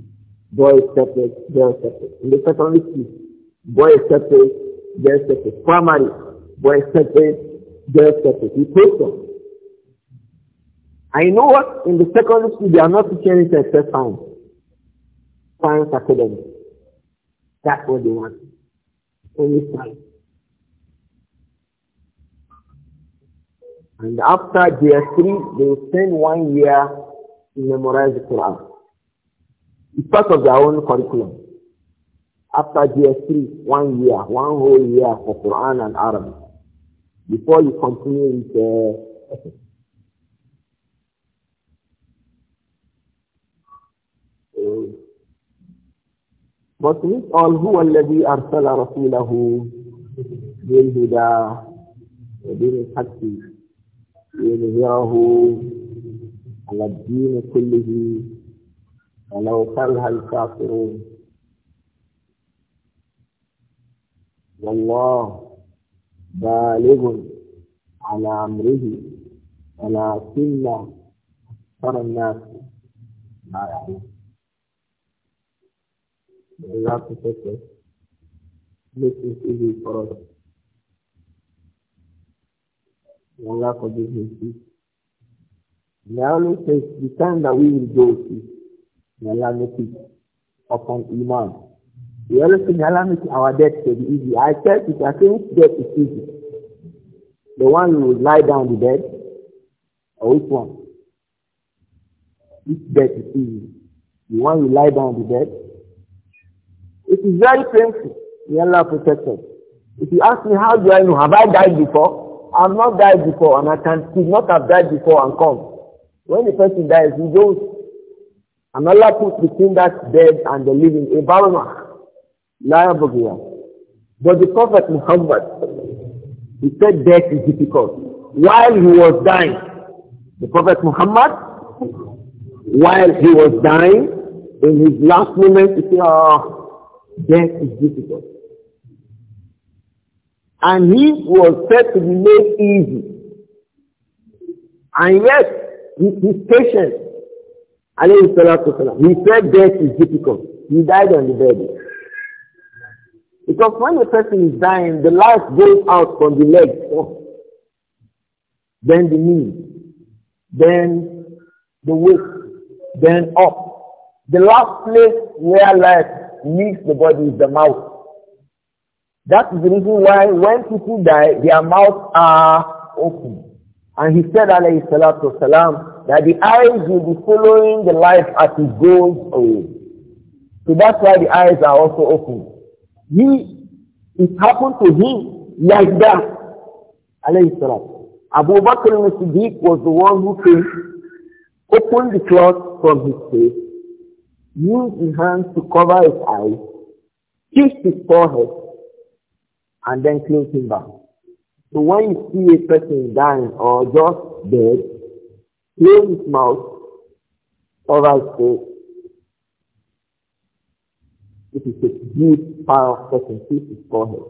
boys separate, girls separate. In the secondary school, boys separate, there's sex is primary, boys sex is girls sex is I know what in the secondary school they are not teaching it except science. Science academy. That's what they want. Only science. And after year 3 they will spend one year to memorize the Quran. It's part of their own curriculum after GST, one year, one whole year for Quran and Arabic. Before you continue with the uh, But with all who are Levi Arsala Rasulahu, Bin Huda, Bin Hakti, Bin Yahu, Aladdin Kulihi, Allah Salha al والله بالغ على أمره ولكن أكثر الناس لا يعلمون إذا تفكر This is easy for us. Allah forgive his The Allah says, the time that we will go to, Allah make it upon Iman. He always says, Allah makes our death to be easy. I tell you, I think death is easy. The one who would lie down the bed, or which one? Which death is easy? The one who lie down the bed? It is very painful. May Allah protect us. If you ask me, how do I know? Have I died before? I have not died before, and I can could not have died before and come. When the person dies, he goes, and Allah puts between that dead and the living a baronah. La yabghiya. But the Prophet Muhammad, he said death is difficult. While he was dying, the Prophet Muhammad, while he was dying, in his last moment, he said, oh, death is difficult. And he was said to be made easy. And yet, his patience, alayhi he said death is difficult. He died on the bed. Because when a person is dying, the life goes out from the legs, then the knees, then the waist, then up. The last place where life leaves the body is the mouth. That is the reason why when people die, their mouths are open. And he said, alayhi salatu salam, that the eyes will be following the life as it goes away. So that's why the eyes are also open. He, it happened to him like that. Alayhi salam. Abu Bakr al-Siddiq was the one who came, opened the cloth from his face, used his hands to cover his eyes, kissed his forehead, and then closed him back. So when you see a person dying or just dead, close his mouth, cover his face, it is a good. Of person sees his forehead.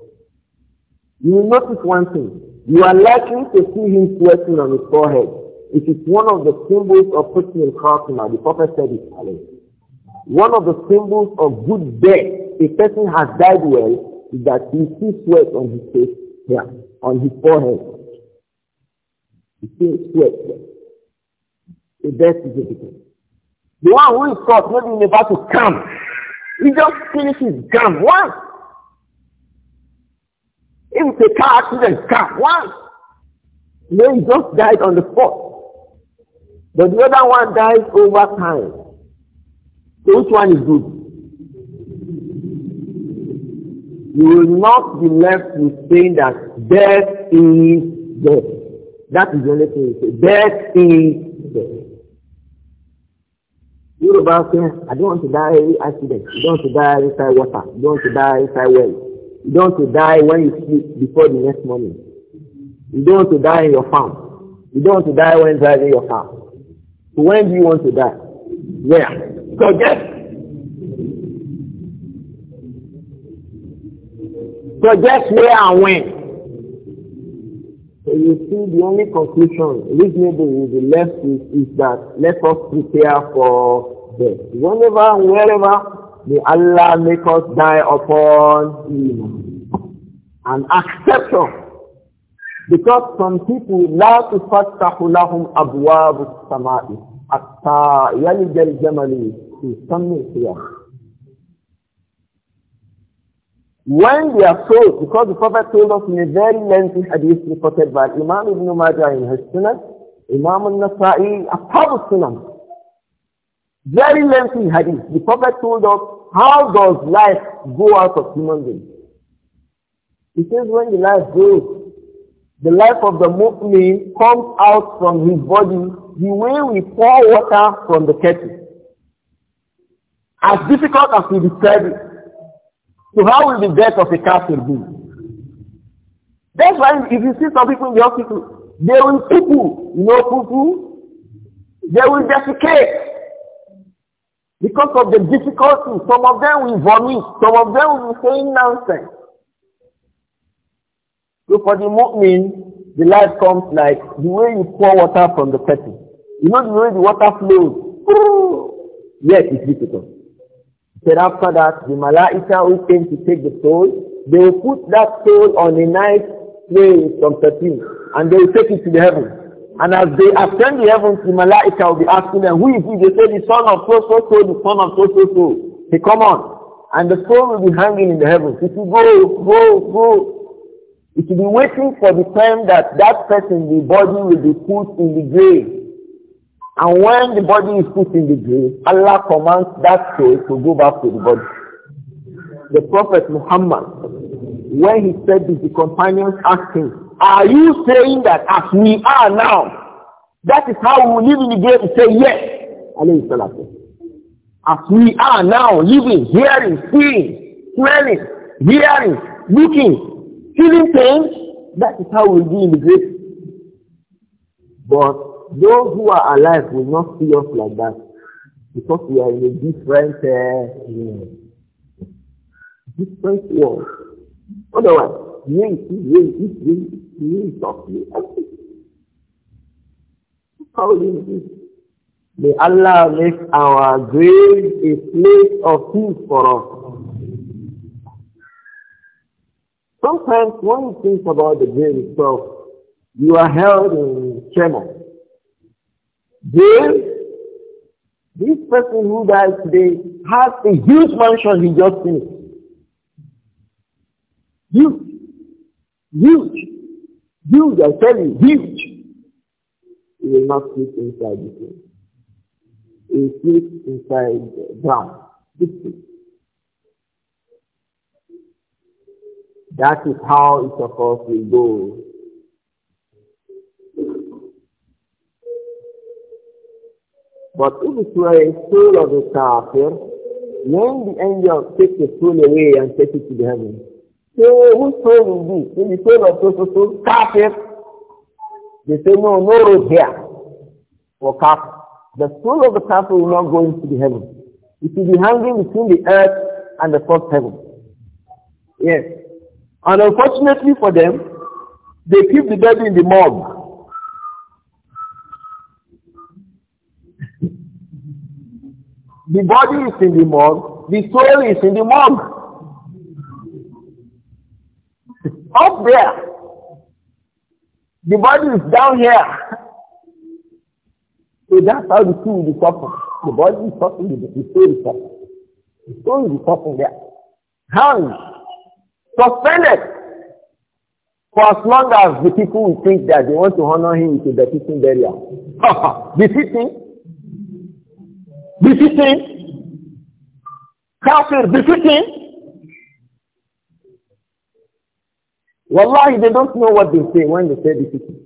You will notice one thing. You are likely to see him sweating on his forehead. It is one of the symbols of putting in The Prophet said it. One of the symbols of good death, a person has died well, is that he sees sweat on his face, yeah, on his forehead. He sees sweat there. The death is difficult. The one who is caught, maybe in about to come, he just finishes gun one. It was a car accident, gun one. Then he just died on the spot. But the other one dies over time. So which one is good? You will not be left with saying that death is death. That is the only thing you say. Death is Yoruba say, I don't want to die accident. You don't want to die inside water. You don't want to die inside well. You don't want to die when you sleep before the next morning. You don't want to die in your farm. You don't want to die when driving your car. So when do you want to die? Where? So just so just where and when. So you see the only conclusion reasonable is the left is, is that let us prepare for death. Whenever and wherever, may Allah make us die upon Him and accept us. Because some people, لا تفتح لهم أبواب السماء حتى يلج الجمل في سم الخيام. When they are told, because the Prophet told us in a very lengthy hadith reported by Imam Ibn Majah in his Sunnah, Imam al-Nasa'i, Ashab al-Sunnah, Very lengthy hadith. The Prophet told us, how does life go out of human beings? He says when the life goes, the life of the mu'min comes out from his body the way we pour water from the kettle. As difficult as we describe it, so how will the death of a castle be? That's why if you see some people in the hospital, they will poo-poo, you know poo-poo? They will defecate. Because of the difficulty, some of them will vomit, some of them will be saying nonsense. So for the mu'min, the life comes like the way you pour water from the kettle. You know the way the water flows. Yes, it's difficult. Then after that, the malaika who came to take the soul, they will put that soul on a nice place from thirteen, and they will take it to the heaven. And as they ascend the heavens, the Malaika will be asking them, who is he? They say, the son of so-so-so, the son of so-so-so. He come on. And the soul will be hanging in the heavens. It will go, go, go. It will be waiting for the time that that person, the body will be put in the grave. And when the body is put in the grave, Allah commands that soul to go back to the body. The Prophet Muhammad, when he said this, the companions asked him, Are you saying that as we are now, that is how we live in the grave? Say yes. As we are now living, hearing, seeing, smelling, hearing, looking, feeling pain, that is how we be in the grave. But those who are alive will not see us like that because we are in a different uh, different world. Otherwise, yanki yanki yanki yanki yanki How is May Allah make our grave a place of peace for us. Sometimes when you think about the grave itself, you are held in tremor. Grave, this person who died today has a huge mansion he just finished. Huge. Huge. Huge, I tell you, huge. He will not sleep inside the It He will sleep inside the ground. This is. That is how each of us will go But if it were a soul of a kafir, when the angel takes the soul away and takes it to the heaven, so who soul this? In the soul of so so so kafir. They say no, no road here for kafir. The soul of the kafir will not go into the heaven. It will be hanging between the earth and the first heaven. Yes. And unfortunately for them, they keep the body in the morgue. <laughs> the body is in the morgue, the soul is in the morgue. up there. The body is down here. So that's how the two will be suffering. The body is suffering, the soul is suffering. The soul will be suffering there. Hands suspended for as long as the people will think that they want to honor him with the <laughs> sitting burial. the sitting, the sitting, kafir, the sitting. Wallahi, they don't know what they say when they say the fitna.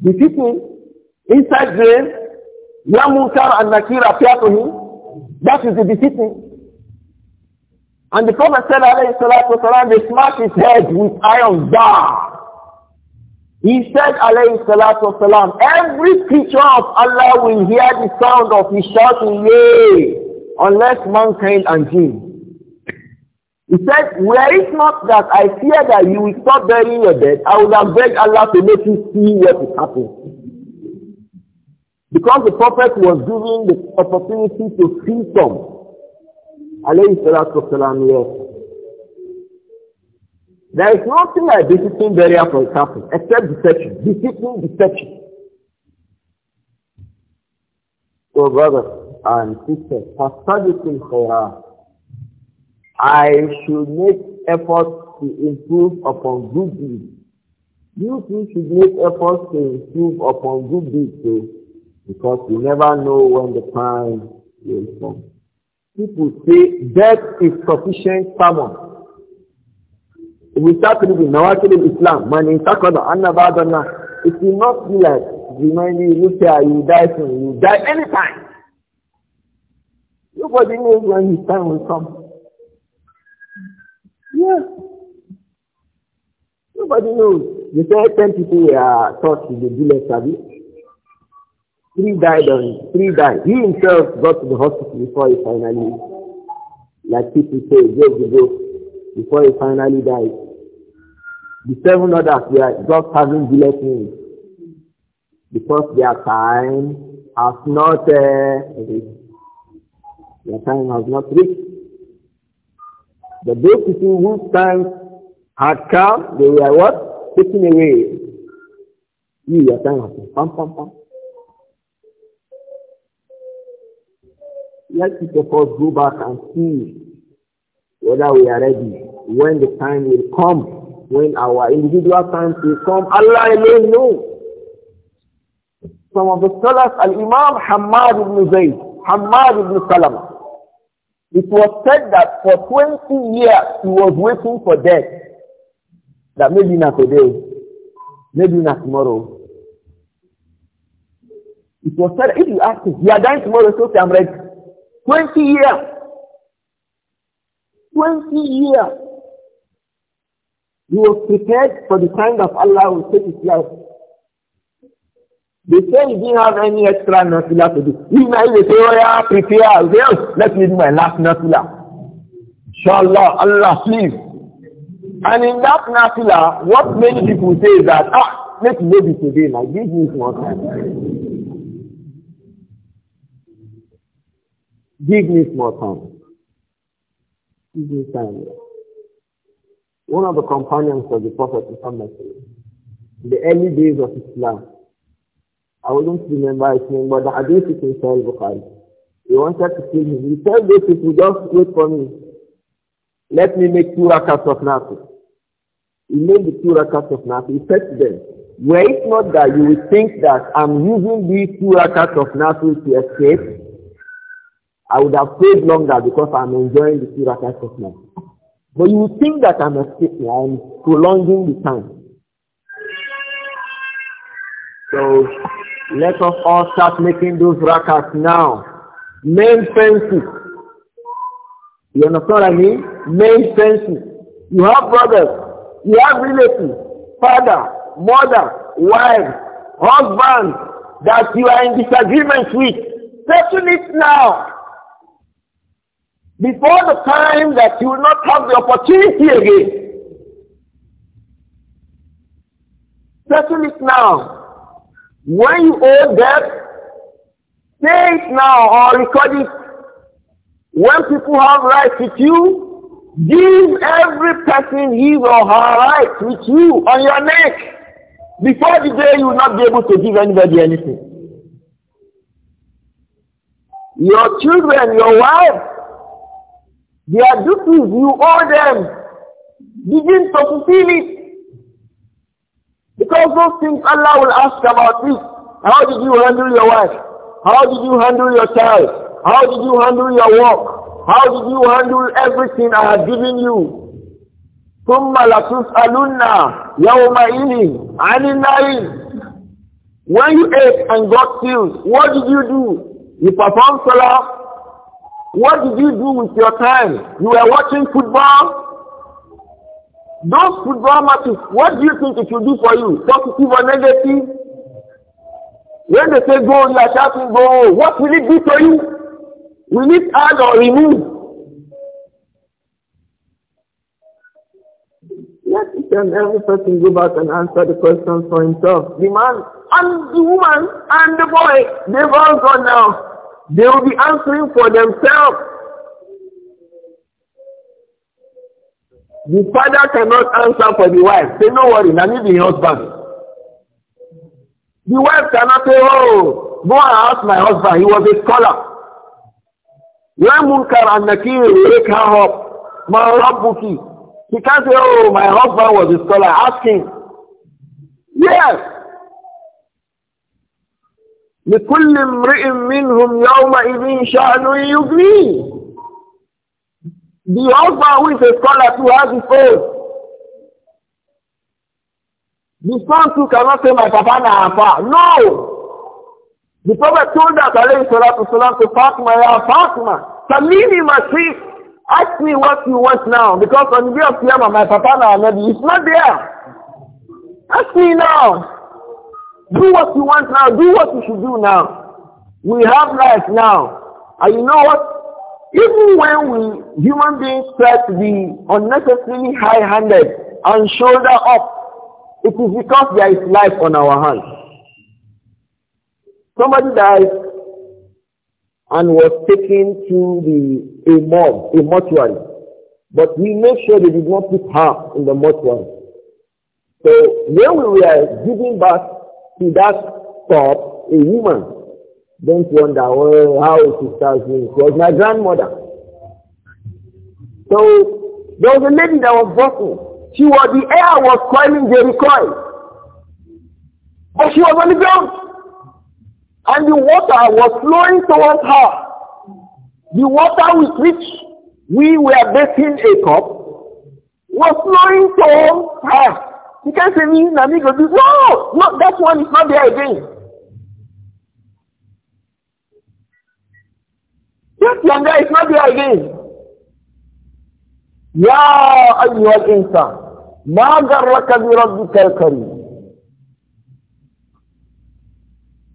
The fitna, inside them, Ya Munkar and Nakir appear to him. That is the defeating. And the Prophet said, alayhi salatu wasalam, they smashed his head with iron bar. He said, alayhi salatu wasalam, every creature of Allah will hear the sound of his shouting, yay, unless mankind and jinn. He said, Were it not that I fear that you will stop burying your dead, I would have begged Allah to make you see what is happening. Because the Prophet was given the opportunity to see some. Alayhi salatu yes. There is nothing like visiting burial, for example, except deception. Visiting deception. So brothers and sisters, فَصَدِقُ الْخَيْرَاتِ I should make efforts to improve upon good deeds. You too should make efforts to improve upon good deeds too, because you never know when the time will come. People say death is sufficient sermon. We start reading Nawakil Islam, Man Intakada, Anna Badana. It will not be like remind you, look here, you die soon, you die anytime. Nobody knows when his time will come. Yeah. Nobody knows. They said 10 people were taught in the village service. Three died on, three died. He himself got to the hospital before he finally, like people say, gave the book before he finally died. The seven others were just having village names because their time has not, uh, their time has not reached. But those people whose times had come, they were what? Taken away. You, your time has been pam, pam, pam. Let each of us go back and see whether we are ready when the time will come, when our individual times will come. Allah alone knows. Some of the scholars, Al-Imam Hamad ibn Zayd, Hamad ibn Salama, It was said that for 20 years he was waiting for death. That maybe not today, maybe not tomorrow. It was said, if you ask him, you are dying tomorrow, so I'm ready. 20 years. 20 years. He was prepared for the time that Allah will take his life. They say you didn't have any extra nafila to do. You now they say, oh yeah, prepare. Well, let me do my last nafila. Inshallah, Allah, please. And in that nafila, what many people say is that, ah, let's maybe today now, give me small time. Give me small time. Give me time. One of the companions of the Prophet Muhammad, in the early days of Islam, I wouldn't remember his name, but the hadith is in Sahih Bukhari. He wanted to kill him. He told those people, just wait for me. Let me make two rakats of nafi. He made the two rakats of nafi. He said to them, were it not that you would think that I'm using these two rakats of nafi to escape, I would have prayed longer because I'm enjoying the two rakats of nafi. But you would think that I'm escaping, I'm prolonging the time. So let us all start making those rakats now. Main fences. You understand what I mean? Main fences. You have brothers. You have relatives. Father, mother, wife, husband that you are in disagreement with. Settle it now. Before the time that you will not have the opportunity again. Settle it now. When you owe debt, pay it now or record it. When people have rights with you, give every person his or her rights with you on your neck. Before the day you will not be able to give anybody anything. Your children, your wife, their duties, you owe them. Begin to fulfill it. Because those things Allah will ask about this. How did you handle your wife? How did you handle your child? How did you handle your work? How did you handle everything I have given you? ثم لتسألن يومئذ عن النعيم When you ate and got filled, what did you do? You performed salah? What did you do with your time? You were watching football? Those football matches, what do you think it will do for you? Positive or negative? When they say go, you are shouting go. What will it do for you? Will it add or remove? Let each and every person go back and answer the questions for himself. The man and the woman and the boy, they've all gone now. They will be answering for themselves. The father cannot answer for the wife. Say, no worry, I need the husband. The wife cannot say, oh, go and ask my husband. He was a scholar. When Munkar and Nakir wake her up, my Rabbuki, he can't say, oh, my husband was a scholar. Ask him. Yes. لكل امرئ منهم يومئذ شأن يغنيه The husband who is a scholar too has his own. The son too cannot say, my papa na apa. No! The Prophet told us, alayhi salatu salam, to Fatima, ya Fatima, Tamini Masih, ask me what you want now, because on the day of Qiyamah, my papa na Nabi, it's not there. Ask me now. Do what you want now. Do what you should do now. We have life now. And you know what? Even when we human beings try to be unnecessarily high-handed and shoulder up, it is because there is life on our hands. Somebody died and was taken to the a mob, a mortuary. But we made sure they did not put her in the mortuary. So when we were giving birth to that corpse, a woman don't wonder well, how she starts me. She was my grandmother. So there was a lady that was walking. She was the air was crying very coil. But she was on the ground. And the water was flowing towards her. The water with which we were bathing a cup was flowing towards her. You can't say me, Namigo, no, no, that one is not there again. Since Yanga is not there again. يا أيها الإنسان ما غرك بربك الكريم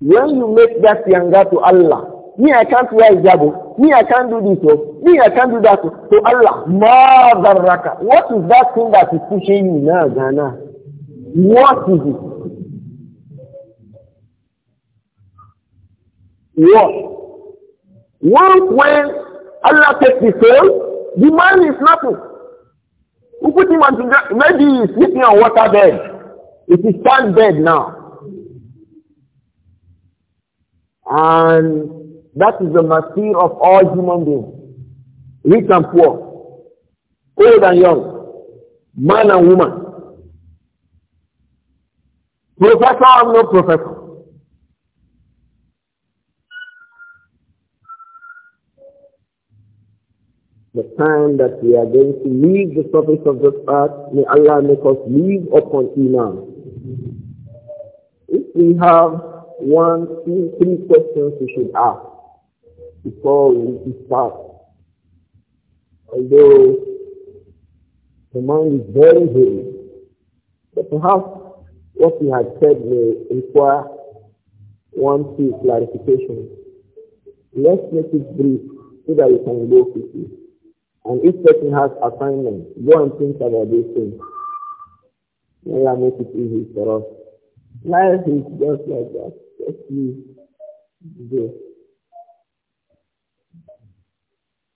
When you make that yanga to Allah, me I can't wear hijab, me I can't do this, oh. me I can't do that, oh. to Allah, ma garraka. What is that thing that is pushing you now, Ghana? What is it? What? Once when Allah takes his soul, the man is nothing. Who put him on the ground, maybe he's sleeping on water bed. It is sand bed now. And that is the masir of all human beings, rich and poor, old and young, man and woman, professor and no professor. the time that we are going to leave the surface of this earth, may Allah make us leave upon Iman. If we have one, two, three questions we should ask before we start. Although the mind is very heavy, but perhaps what we have said may require one, two clarifications. Let's make it brief so that we can go quickly. And each person has assignment. Go and think about these things. May Allah make it easy for us. Life is just like that. Just you do.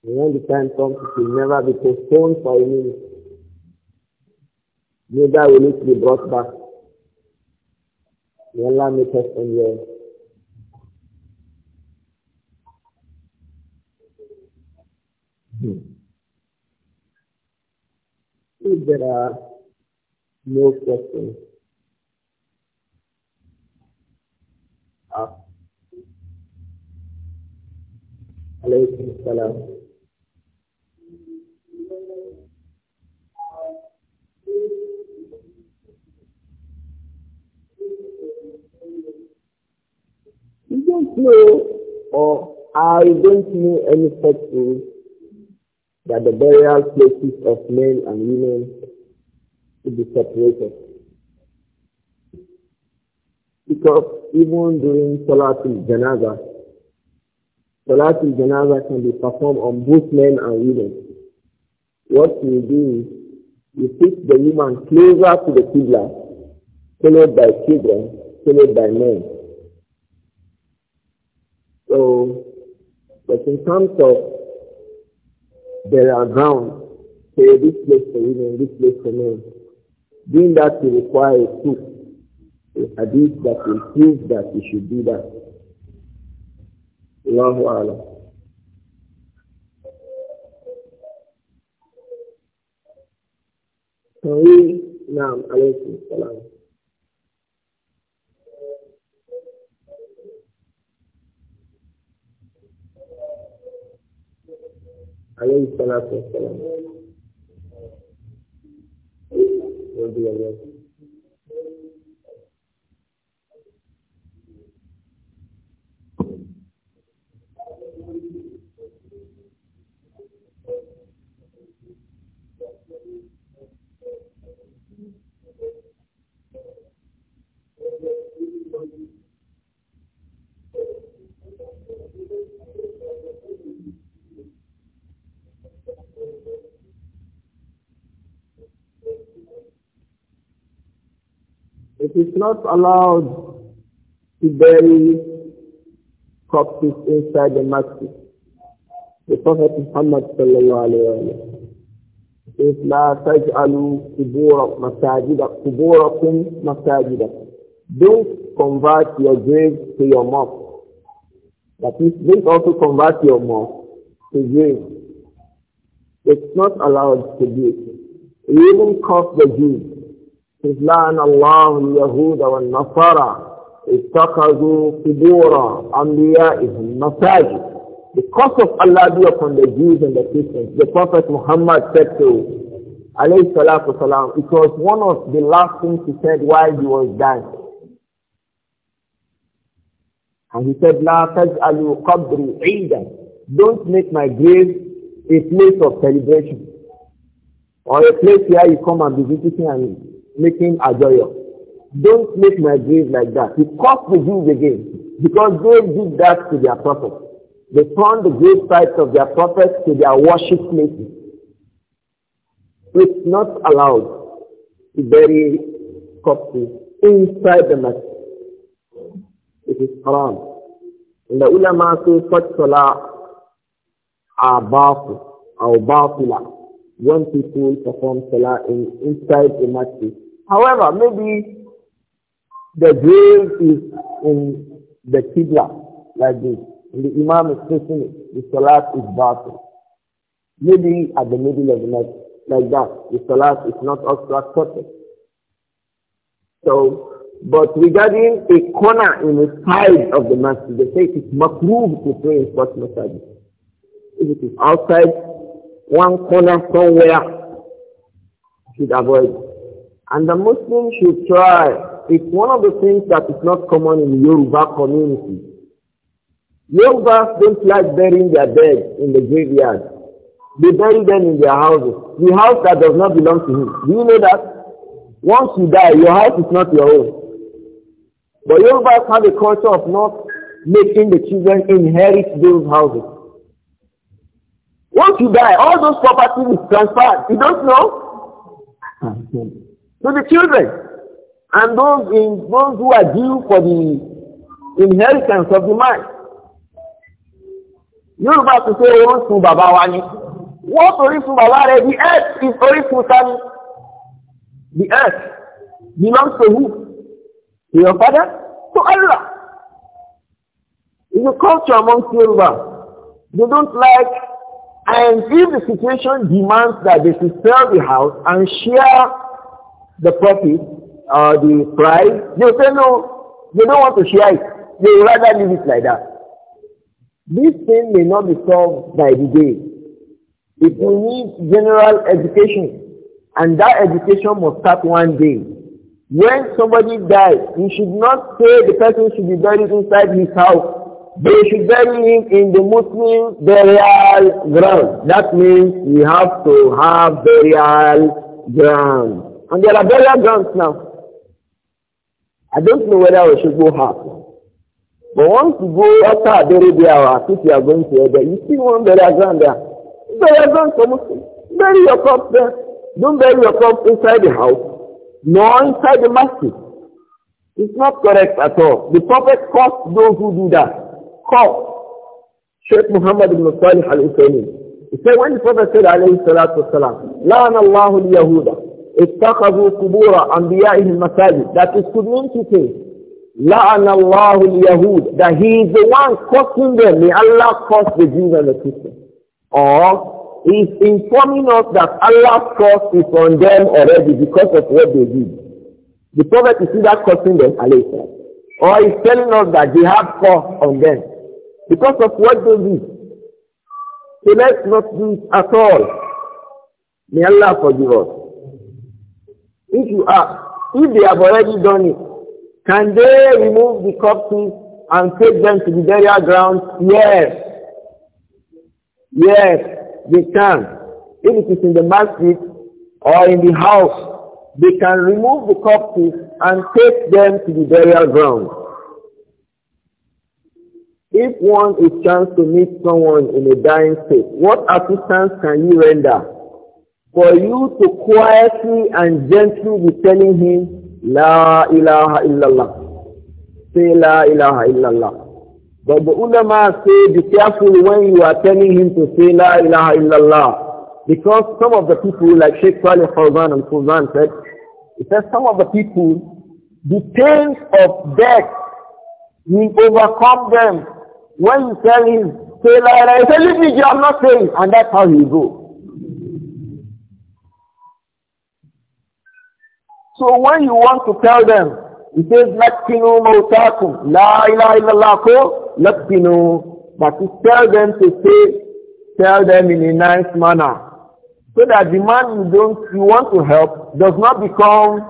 When the time comes, it will never be postponed for a minute. Neither will it be brought back. May Allah make us endure. Hmm. If there are no questions, up. Alaykum salam. You don't know or I don't know any such that the burial places of men and women should be separated. Because even during Salatul Janaza, Salatul Janaza can be performed on both men and women. What we do is we put the woman closer to the Qibla, followed by children, followed by men. So, but in terms of there are grounds, say this place for women, this place for men. Doing that will require a proof, a hadith that will prove that you should do that. Allahu Allah. Can we, Naam, alaykum salam. عليه الصلاة والسلام رضي الله عنه is not allowed to bury corpses inside the masjid. The Prophet Muhammad sallallahu alayhi wa sallam says, لا تجعلوا قبوركم مساجد Don't convert your grave to your mosque. That is, don't also convert your mosque to grave. It's not allowed to do It even cost the Jews says, لَعَنَ اللَّهُ الْيَهُودَ وَالنَّصَارَى اتَّخَذُوا قُبُورَ أَنْبِيَائِهِمْ مَسَاجِدَ Because of Allah be upon the Jews and the Christians, the Prophet Muhammad said to alayhi salatu salam, it was one of the last things he said while he was dying. And he said, لا taj'alu qabri eedan. Don't make my grave a place of celebration. Or a place where you come and be visiting and making ajoyo. Don't make my grave like that. He cursed the Jews again because they did that to their prophet. They turned the grave sites of their prophets to their worship places. It's not allowed to bury corpses inside the masjid. It is haram. And the ulama say such salah are batil, or batila, when people perform salah in, inside a masjid However, maybe the grave is in the Qibla, like this. And the Imam is facing it. The Salat is bathing. Maybe at the middle of the night, like that. The Salat is not also accepted. So, but regarding a corner in the side of the masjid, they say it is makruh to pray in such masjid. If it is outside, one corner somewhere should avoid and the Muslim should try. It's one of the things that is not common in Yoruba community. Yorubas don't like burying their dead in the graveyard. They bury them in their houses. The house that does not belong to him. Do you know that? Once you die, your house is not your own. But Yorubas have a culture of not making the children inherit those houses. Once you die, all those properties is transferred. You don't know? <laughs> to the children and those in those who are due for the inheritance of the man. you ti ṣe orísun bàbá wa What orísun bàbá The earth is orísun sani. The earth belongs to who? To your father? To Allah. In a culture amongst Yorùbá. They don't like and if the situation demands that they should sell the house and share the profit or uh, the price, they say no, they don't want to share it. They would rather leave it like that. This thing may not be solved by the day. It will need general education. And that education must start one day. When somebody dies, you should not say the person should be buried inside his house they should bury him in the Muslim burial ground. That means we have to have burial ground. And there are burial grounds now. I don't know whether we should go half. But once you go after a burial there or if you are going to there, you see one burial ground there. Burial ground for Muslims. Bury your corpse there. Don't bury your corpse inside the house, nor inside the masjid. It's not correct at all. The Prophet cursed those who do that. Cursed. Sheikh Muhammad ibn Salih al-Usaini. He said when the Prophet said alayhi salatu wasalam, لَعَنَ اللَّهُ الْيَهُودَ اتخذوا قبور أنبيائهم مساجد that is community. to say لعن الله اليهود that he is the one causing them may Allah curse the Jews and the Christians or he is informing us that Allah's curse is on them already because of what they did the prophet is either cursing them alayhi or he is telling us that they have curse on them because of what they did so let's not do it at all may Allah forgive us If you ask, if they have already done it, can they remove the corpses and take them to the burial ground? Yes. Yes, they can. If it is in the market or in the house, they can remove the corpses and take them to the burial ground. If one is chance to meet someone in a dying state, what assistance can you render? for you to quietly and gently be telling him, La ilaha illallah. Say La ilaha illallah. But the ulama say be careful when you are telling him to say La ilaha illallah. Because some of the people, like Sheikh Salih Fawzan and Fawzan said, it says some of the people, the pains of death will overcome them when you tell him, say La ilaha, he said, leave me, I'm not saying, and that's how he goes. So when you want to tell them, it says, Lakinu mautakum, la ilaha illallah ko, But to tell them to say, tell them in a nice manner. So that the man you don't, you want to help does not become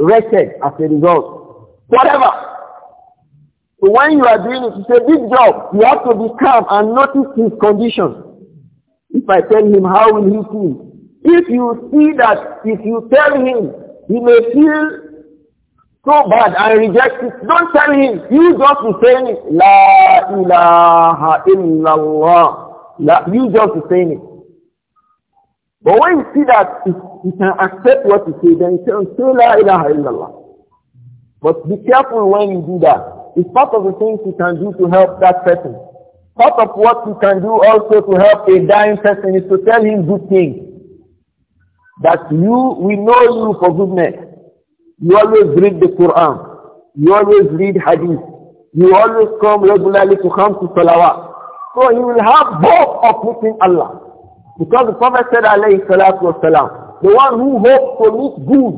wretched as a result. Whatever. So when you are doing it, it's a big job. You have to be calm and notice his condition. If I tell him, how will he feel? If you see that, if you tell him, he may feel so bad and reject it. Don't tell him. You just say it. La ilaha illallah. La, you just be saying it. But when you see that you can accept what you say, then you can say La ilaha illallah. But be careful when you do that. It's part of the things you can do to help that person. Part of what you can do also to help a dying person is to tell him good things. That you, we know you for goodness. You always read the Quran. You always read Hadith. You always come regularly to come to Salawat. So he will have both of meeting Allah. Because the Prophet said, alayhi salatu wasalam, the one who hopes to meet good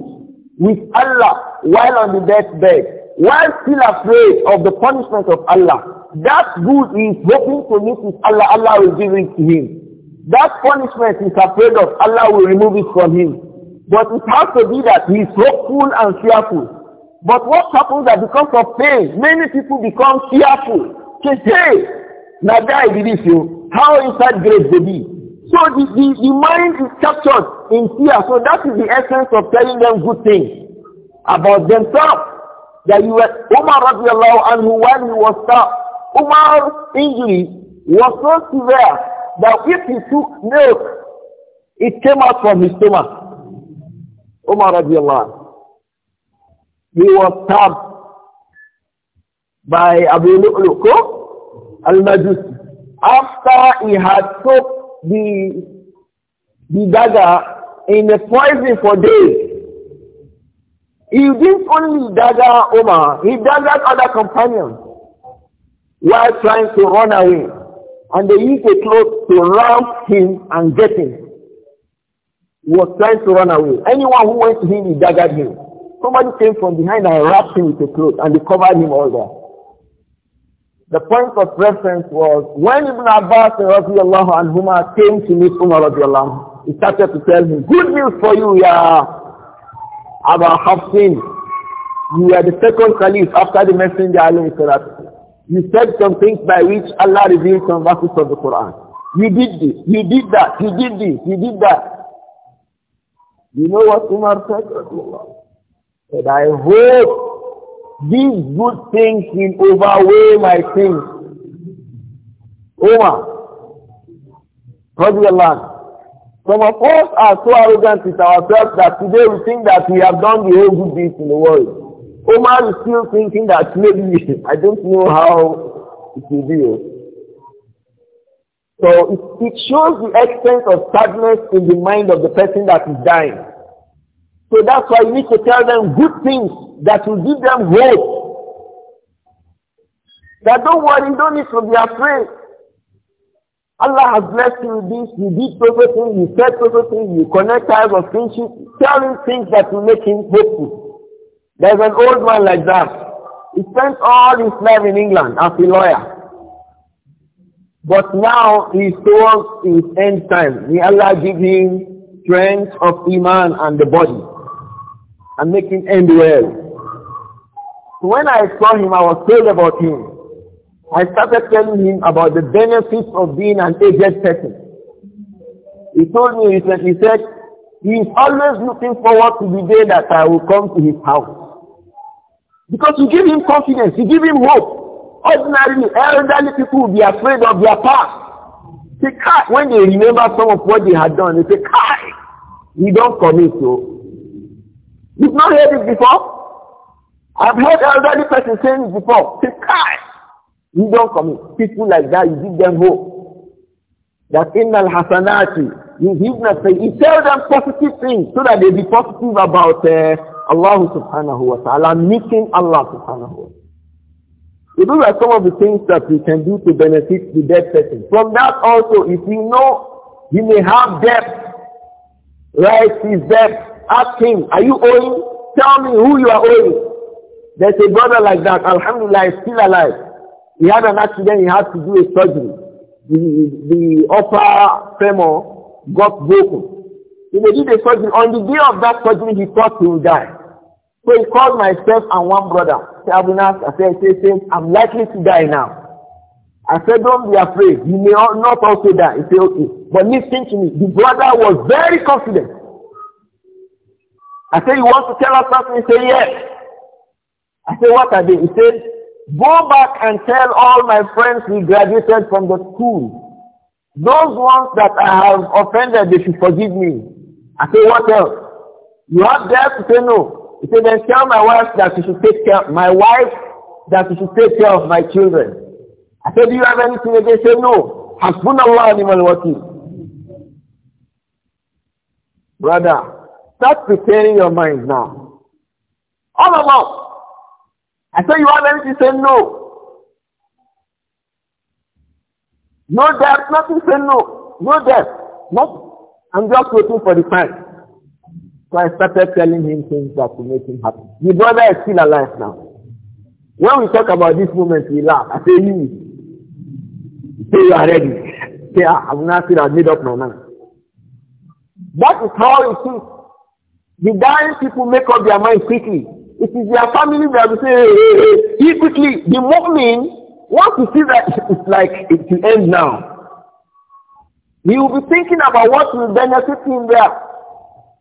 with Allah while on the deathbed, while still afraid of the punishment of Allah, that good he is hoping to meet with Allah, Allah will give it to him. That punishment is afraid of. Allah will remove it from him. But it has to be that he is hopeful and fearful. But what happens that because of pain, many people become fearful. They say, now I did this you. How inside grave they be? So the, the, the mind is captured in fear. So that is the essence of telling them good things about themselves. That you were, Umar radiallahu anhu, when he was stopped, Umar's injury was so severe that if he took milk, it came out from his stomach. Umar radiallahu He was stabbed by Abu Lu'lu'ko al-Majusi. After he had soaked the, the dagger in the poison for days, he didn't only dagger Omar, he daggered other companions while trying to run away and they used a cloth to wrap him and get him. He was trying to run away. Anyone who went to him, he daggered him. Somebody came from behind and wrapped him with a cloth and they covered him all there. The point of reference was when Ibn Abbas and Umar came to meet Umar radiallahu he started to tell him, good news for you, ya Abu Hafsin. You are the second caliph after the messenger of salatu You said some things by which Allah revealed some verses of the Quran. You did this, you did that, you did this, you did that. You know what Umar said? Said, I hope these good things will overweigh my sins. Umar, radiallahu some of us are so arrogant with ourselves that today we think that we have done the whole good deeds in the world. Omar is still thinking that maybe <laughs> I don't know how it will be. Oh. So it, it, shows the extent of sadness in the mind of the person that is dying. So that's why you need to tell them good things that will give them hope. That don't worry, don't need to be afraid. Allah has blessed you with this, you did proper things, you said proper things, you connect ties of friendship, Telling things that will make him hopeful. There's an old man like that. He spent all his life in England as a lawyer. But now he towards his end time. May Allah give him strength of Iman and the body and make him end well. when I saw him, I was told about him. I started telling him about the benefits of being an aged person. He told me recently, he said, he is always looking forward to the day that I will come to his house. Because you give him confidence, you give him hope. Ordinarily, elderly people will be afraid of their past. They cry when they remember some of what they had done, they say, Kai, we don't commit so. Oh. You've not heard it before? I've heard elderly person saying it before. Say, Kai, we don't commit. People like that, you give them hope. That innal hasanati, you give them, you tell them positive things so that they be positive about uh, Allah subhanahu wa ta'ala, meeting Allah subhanahu wa ta'ala. So those are some of the things that we can do to benefit the dead person. From that also, if you know he may have debt, right, his debt, ask him, are you owing? Tell me who you are owing. There's a brother like that, alhamdulillah, is still alive. He had an accident, he had to do a surgery. The, the upper femur got broken. He may surgery. On the day of that surgery, he thought he would die. So he called myself and one brother. I said, say, say, I'm likely to die now. I said, don't be afraid. You may not also die. He said, okay. But listen to me. The brother was very confident. I said, you want to tell us something? He said, yes. I said, what are they? He said, go back and tell all my friends we graduated from the school. Those ones that I have offended, they should forgive me. I say, what else? You have there to say no. He said, then tell my wife that she should take care, my wife that she should take care of my children. I said, do you have anything against? He said, no. Hasbunallah animal wakil. Brother, start preparing your mind now. All of us. I said you have anything, say no. No death, nothing, say no. No death. Not I'm just waiting for the time. So I started telling him things that to make him happy. The brother is still alive now. When we talk about this moment, we laugh. I say, you, say you are ready. Say, ah, I'm not sure I made up my mind. That is how it is. The dying people make up their mind quickly. It is their family that will say, hey, hey, hey, quickly. The moment, once to see that it's like it will end now, He will be thinking about what will benefit him there.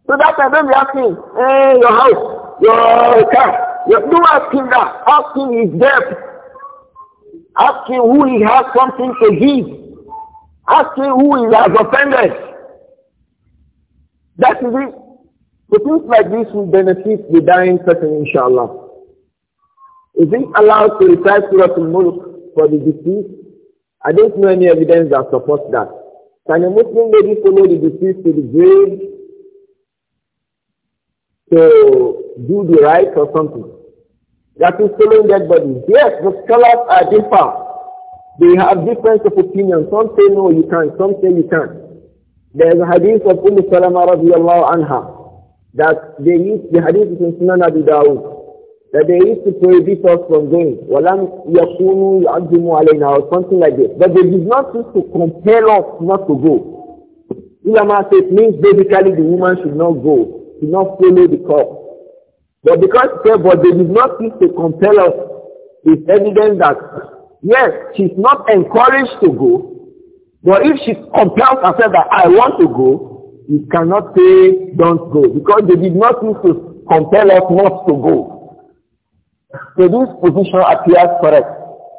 So that I don't be asking, hey, eh, your house, your car. You don't ask him that. Ask him his debt. Ask him who he has something to give. Ask him who he has offended. That is it. So things like this will benefit the dying person, inshallah. Is it allowed to recite to Al-Mulk for the deceased? I don't know any evidence that supports that. Can a Muslim lady follow the deceased to the grave to do the right or something? That is following dead bodies. Yes, the scholars are different. They have difference of opinion. Some say no, you can't. Some say you can't. There is a hadith of Umm Salama radiallahu anha that they use, the hadith is in Sunan Abu Dawud that they used to prohibit us from going. وَلَمْ يَكُونُوا يُعَزِّمُوا عَلَيْنَا or something like this. But they did not used to compel us not to go. Ulama said means basically the woman should not go, should not follow the call. But because said, but they did not used to compel us, it's evident that yes, she's not encouraged to go, but if she compels herself that I want to go, you cannot say don't go because they did not used to compel us not to go. So this position appears correct.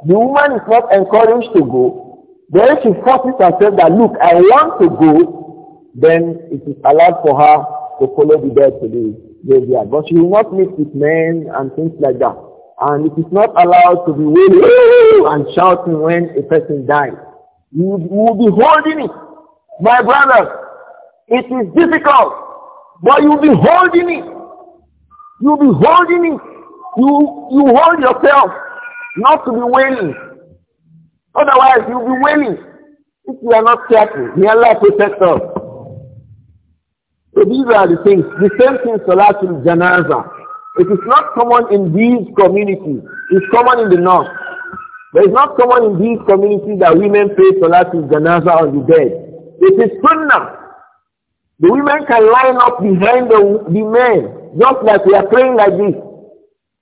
The woman is not encouraged to go. Then she forces herself that, look, I want to go. Then it is allowed for her to follow the bed to the graveyard. But she will not meet with men and things like that. And it is not allowed to be weeping and shouting when a person dies. You will be holding it. My brother. it is difficult, but you'll be holding it. You'll be holding it. You, you hold yourself not to be wailing. Otherwise, you'll be wailing if you are not careful. May Allah protect us. So these are the things. The same thing Salatul Janaza. It is not common in these communities. It's common in the north. But it's not common in these communities that women pray Salatul Janaza on the dead. It is sunnah. The women can line up behind the, the men, just like we are praying like this.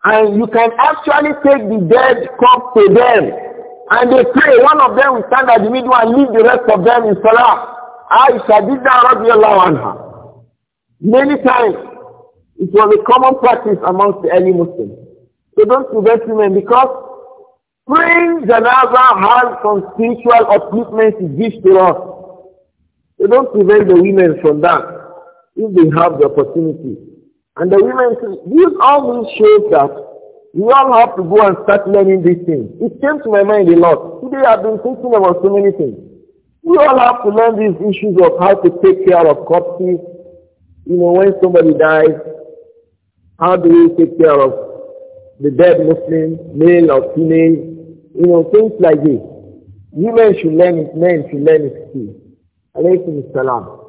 And you can actually take the dead cup to them. And they pray. One of them will stand at the middle and leave the rest of them in salah. Aisha did that on her. Many times, it was a common practice amongst the early Muslims. So don't prevent women because praying janaza has some spiritual upliftment it gives to us. So don't prevent the women from that if they have the opportunity. And the women say, these all these shows that we all have to go and start learning these things. It came to my mind a lot. Today I've been thinking about so many things. We all have to learn these issues of how to take care of corpses. You know, when somebody dies, how do we take care of the dead Muslim, male or female? You know, things like this. Women should learn it, men should learn it too. Alaykum salam.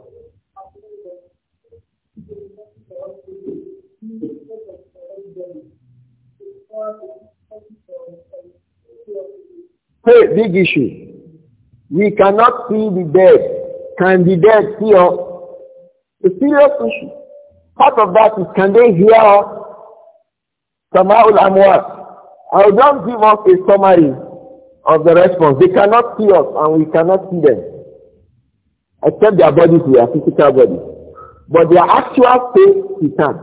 Hey, big issue. We cannot see the dead. Can the dead see us? A serious issue. Part of that is can they hear us? Sama'ul I will not give us a summary of the response. They cannot see us and we cannot see them. Except their bodies, their physical bodies. But their actual face, we can.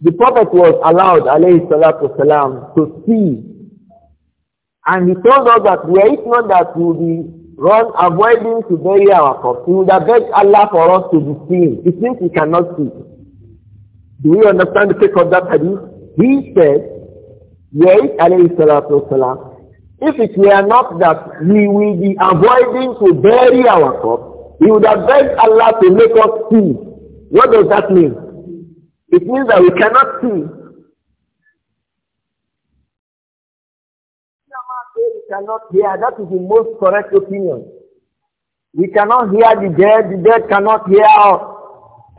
The Prophet was allowed, alayhi salatu salam, to see and he told us that were it not that we will be run avoiding to bury our corpse, we would have begged Allah for us to be seen. It means we cannot see. Do you understand the take of that hadith? He said, were it alayhi salatu wasalam, if it were not that we will be avoiding to bury our corpse, he would have begged Allah to make us see. What does that mean? It means that we cannot see. cannot hear. That is the most correct opinion. We cannot hear the dead. The dead cannot hear us,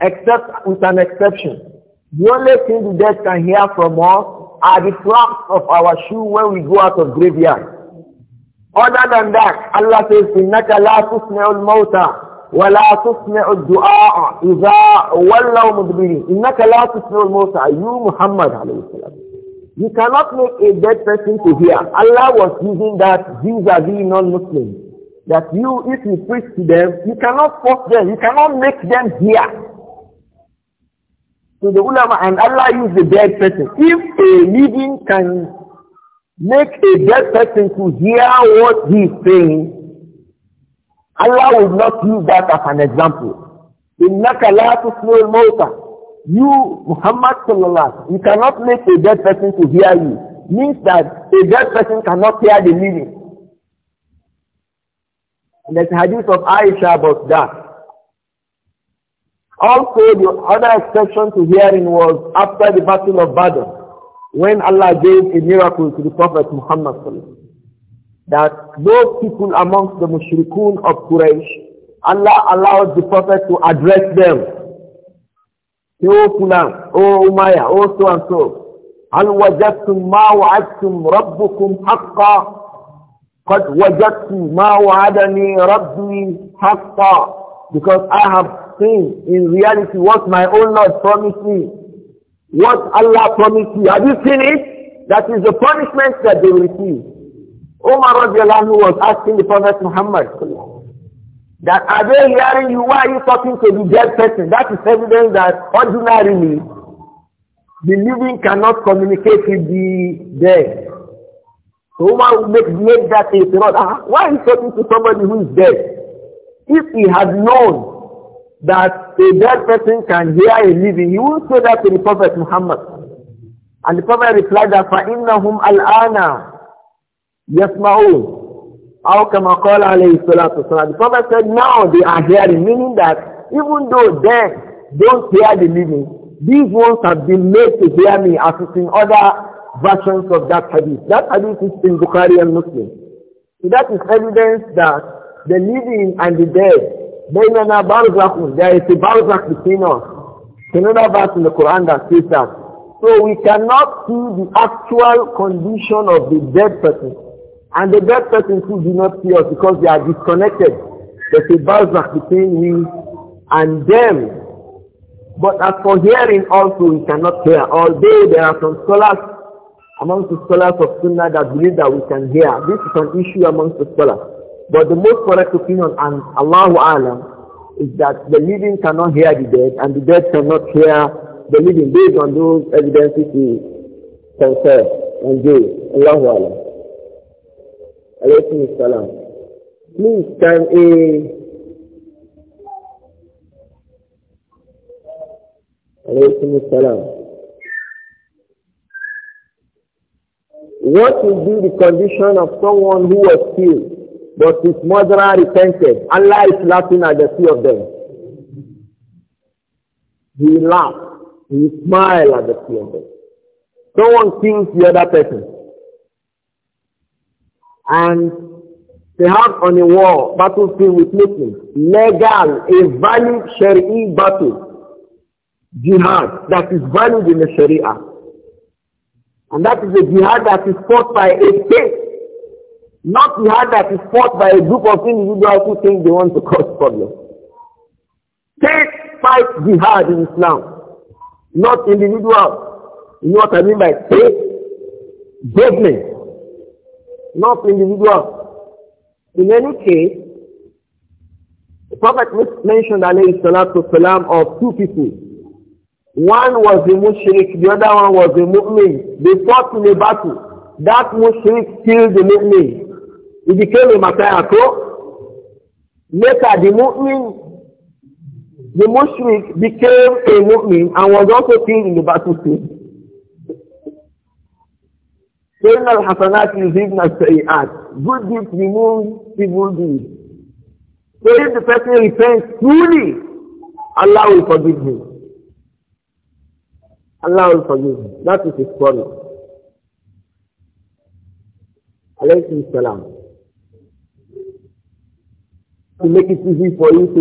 except with an exception. The only thing the dead can hear from us are the flaps of our shoe when we go out of graveyard. Other than that, Allah says, إِنَّكَ لَا تُسْمِعُ الْمَوْتَى ولا تسمع الدعاء إذا ولوا مدبرين إنك لا تسمع الموتى أي Muhammad, عليه السلام You cannot make a dead person to hear. Allah was using that these are the non-Muslims. That you, if you preach to them, you cannot force them. You cannot make them hear. So the ulama and Allah used the dead person. If a living can make a dead person to hear what he is saying, Allah will not use that as an example. إِنَّكَ لَا تُسْمِعُ الْمَوْتَى You, Muhammad sallallahu you cannot make a dead person to hear you. Means that a dead person cannot hear the living. And there's hadith of Aisha about that. Also, the other exception to hearing was after the Battle of Badr, when Allah gave a miracle to the Prophet Muhammad that those people amongst the mushrikun of Quraysh, Allah allowed the Prophet to address them O oh Fulan, oh Umayya, oh so and so. هل وجدتم ما وعدتم ربكم حقا قد ما وعدني ربي حقا because I have seen in reality what my own Lord promised me what Allah promised me have you seen it that is the punishment that they will receive Umar who was asking the Prophet Muhammad That are they hearing you? Why are you talking to the dead person? That is evidence that ordinarily the living cannot communicate with the dead. So one would make, make that a not, ah, why are you talking to somebody who is dead? If he had known that a dead person can hear a living, he would say that to the Prophet Muhammad. And the Prophet replied that, فَإِنَّهُمْ alana يَسْمَعُونَ How come call alayhi to wasalam? The Prophet said, now they are hearing, meaning that even though they don't hear the living, these ones have been made to hear me as it's in other versions of that hadith. That hadith is in Bukhari and Muslim. So that is evidence that the living and the dead بيننا برزخ there is a barzakh between us another verse in the Quran that says that so we cannot see the actual condition of the dead person and the dead person who do not see us because they are disconnected. There's a barrier between we and them. But as for hearing also, we cannot hear. Although there are some scholars amongst the scholars of Sunnah that believe that we can hear. This is an issue amongst the scholars. But the most correct opinion, and Allahu Alam, is that the living cannot hear the dead, and the dead cannot hear the living based on those evidences we confer and do. Allahu Alam. alaykum salam. Please can a alaykum salam. What will be the condition of someone who was killed but his mother repented? Allah is laughing at the two of them. He laughs. He smiles at the two of them. Someone kills the other person and they have on a wall battlefield with nothing. legal, a valid Sharia battle, jihad that is valid in the Sharia. And that is a jihad that is fought by a state, not jihad that is fought by a group of individuals who think they want to <laughs> cause problems. State fight jihad in Islam, not individual. You know what I mean by state? Government not individual. In any case, the Prophet mentioned alayhi salatu salam of two people. One was the mushrik, the other one was the mu'min. They fought in a battle. That mushrik killed the mu'min. He became a matayako. Later the mu'min, the mushrik became a mu'min and was also killed in the battle too. Saying al-hasanat yuzibna al-sayyat. Good deeds remove evil deeds. So if the person repents truly, Allah will forgive him. Allah will forgive him. That is his promise. Alaykum salam. To make it easy for you to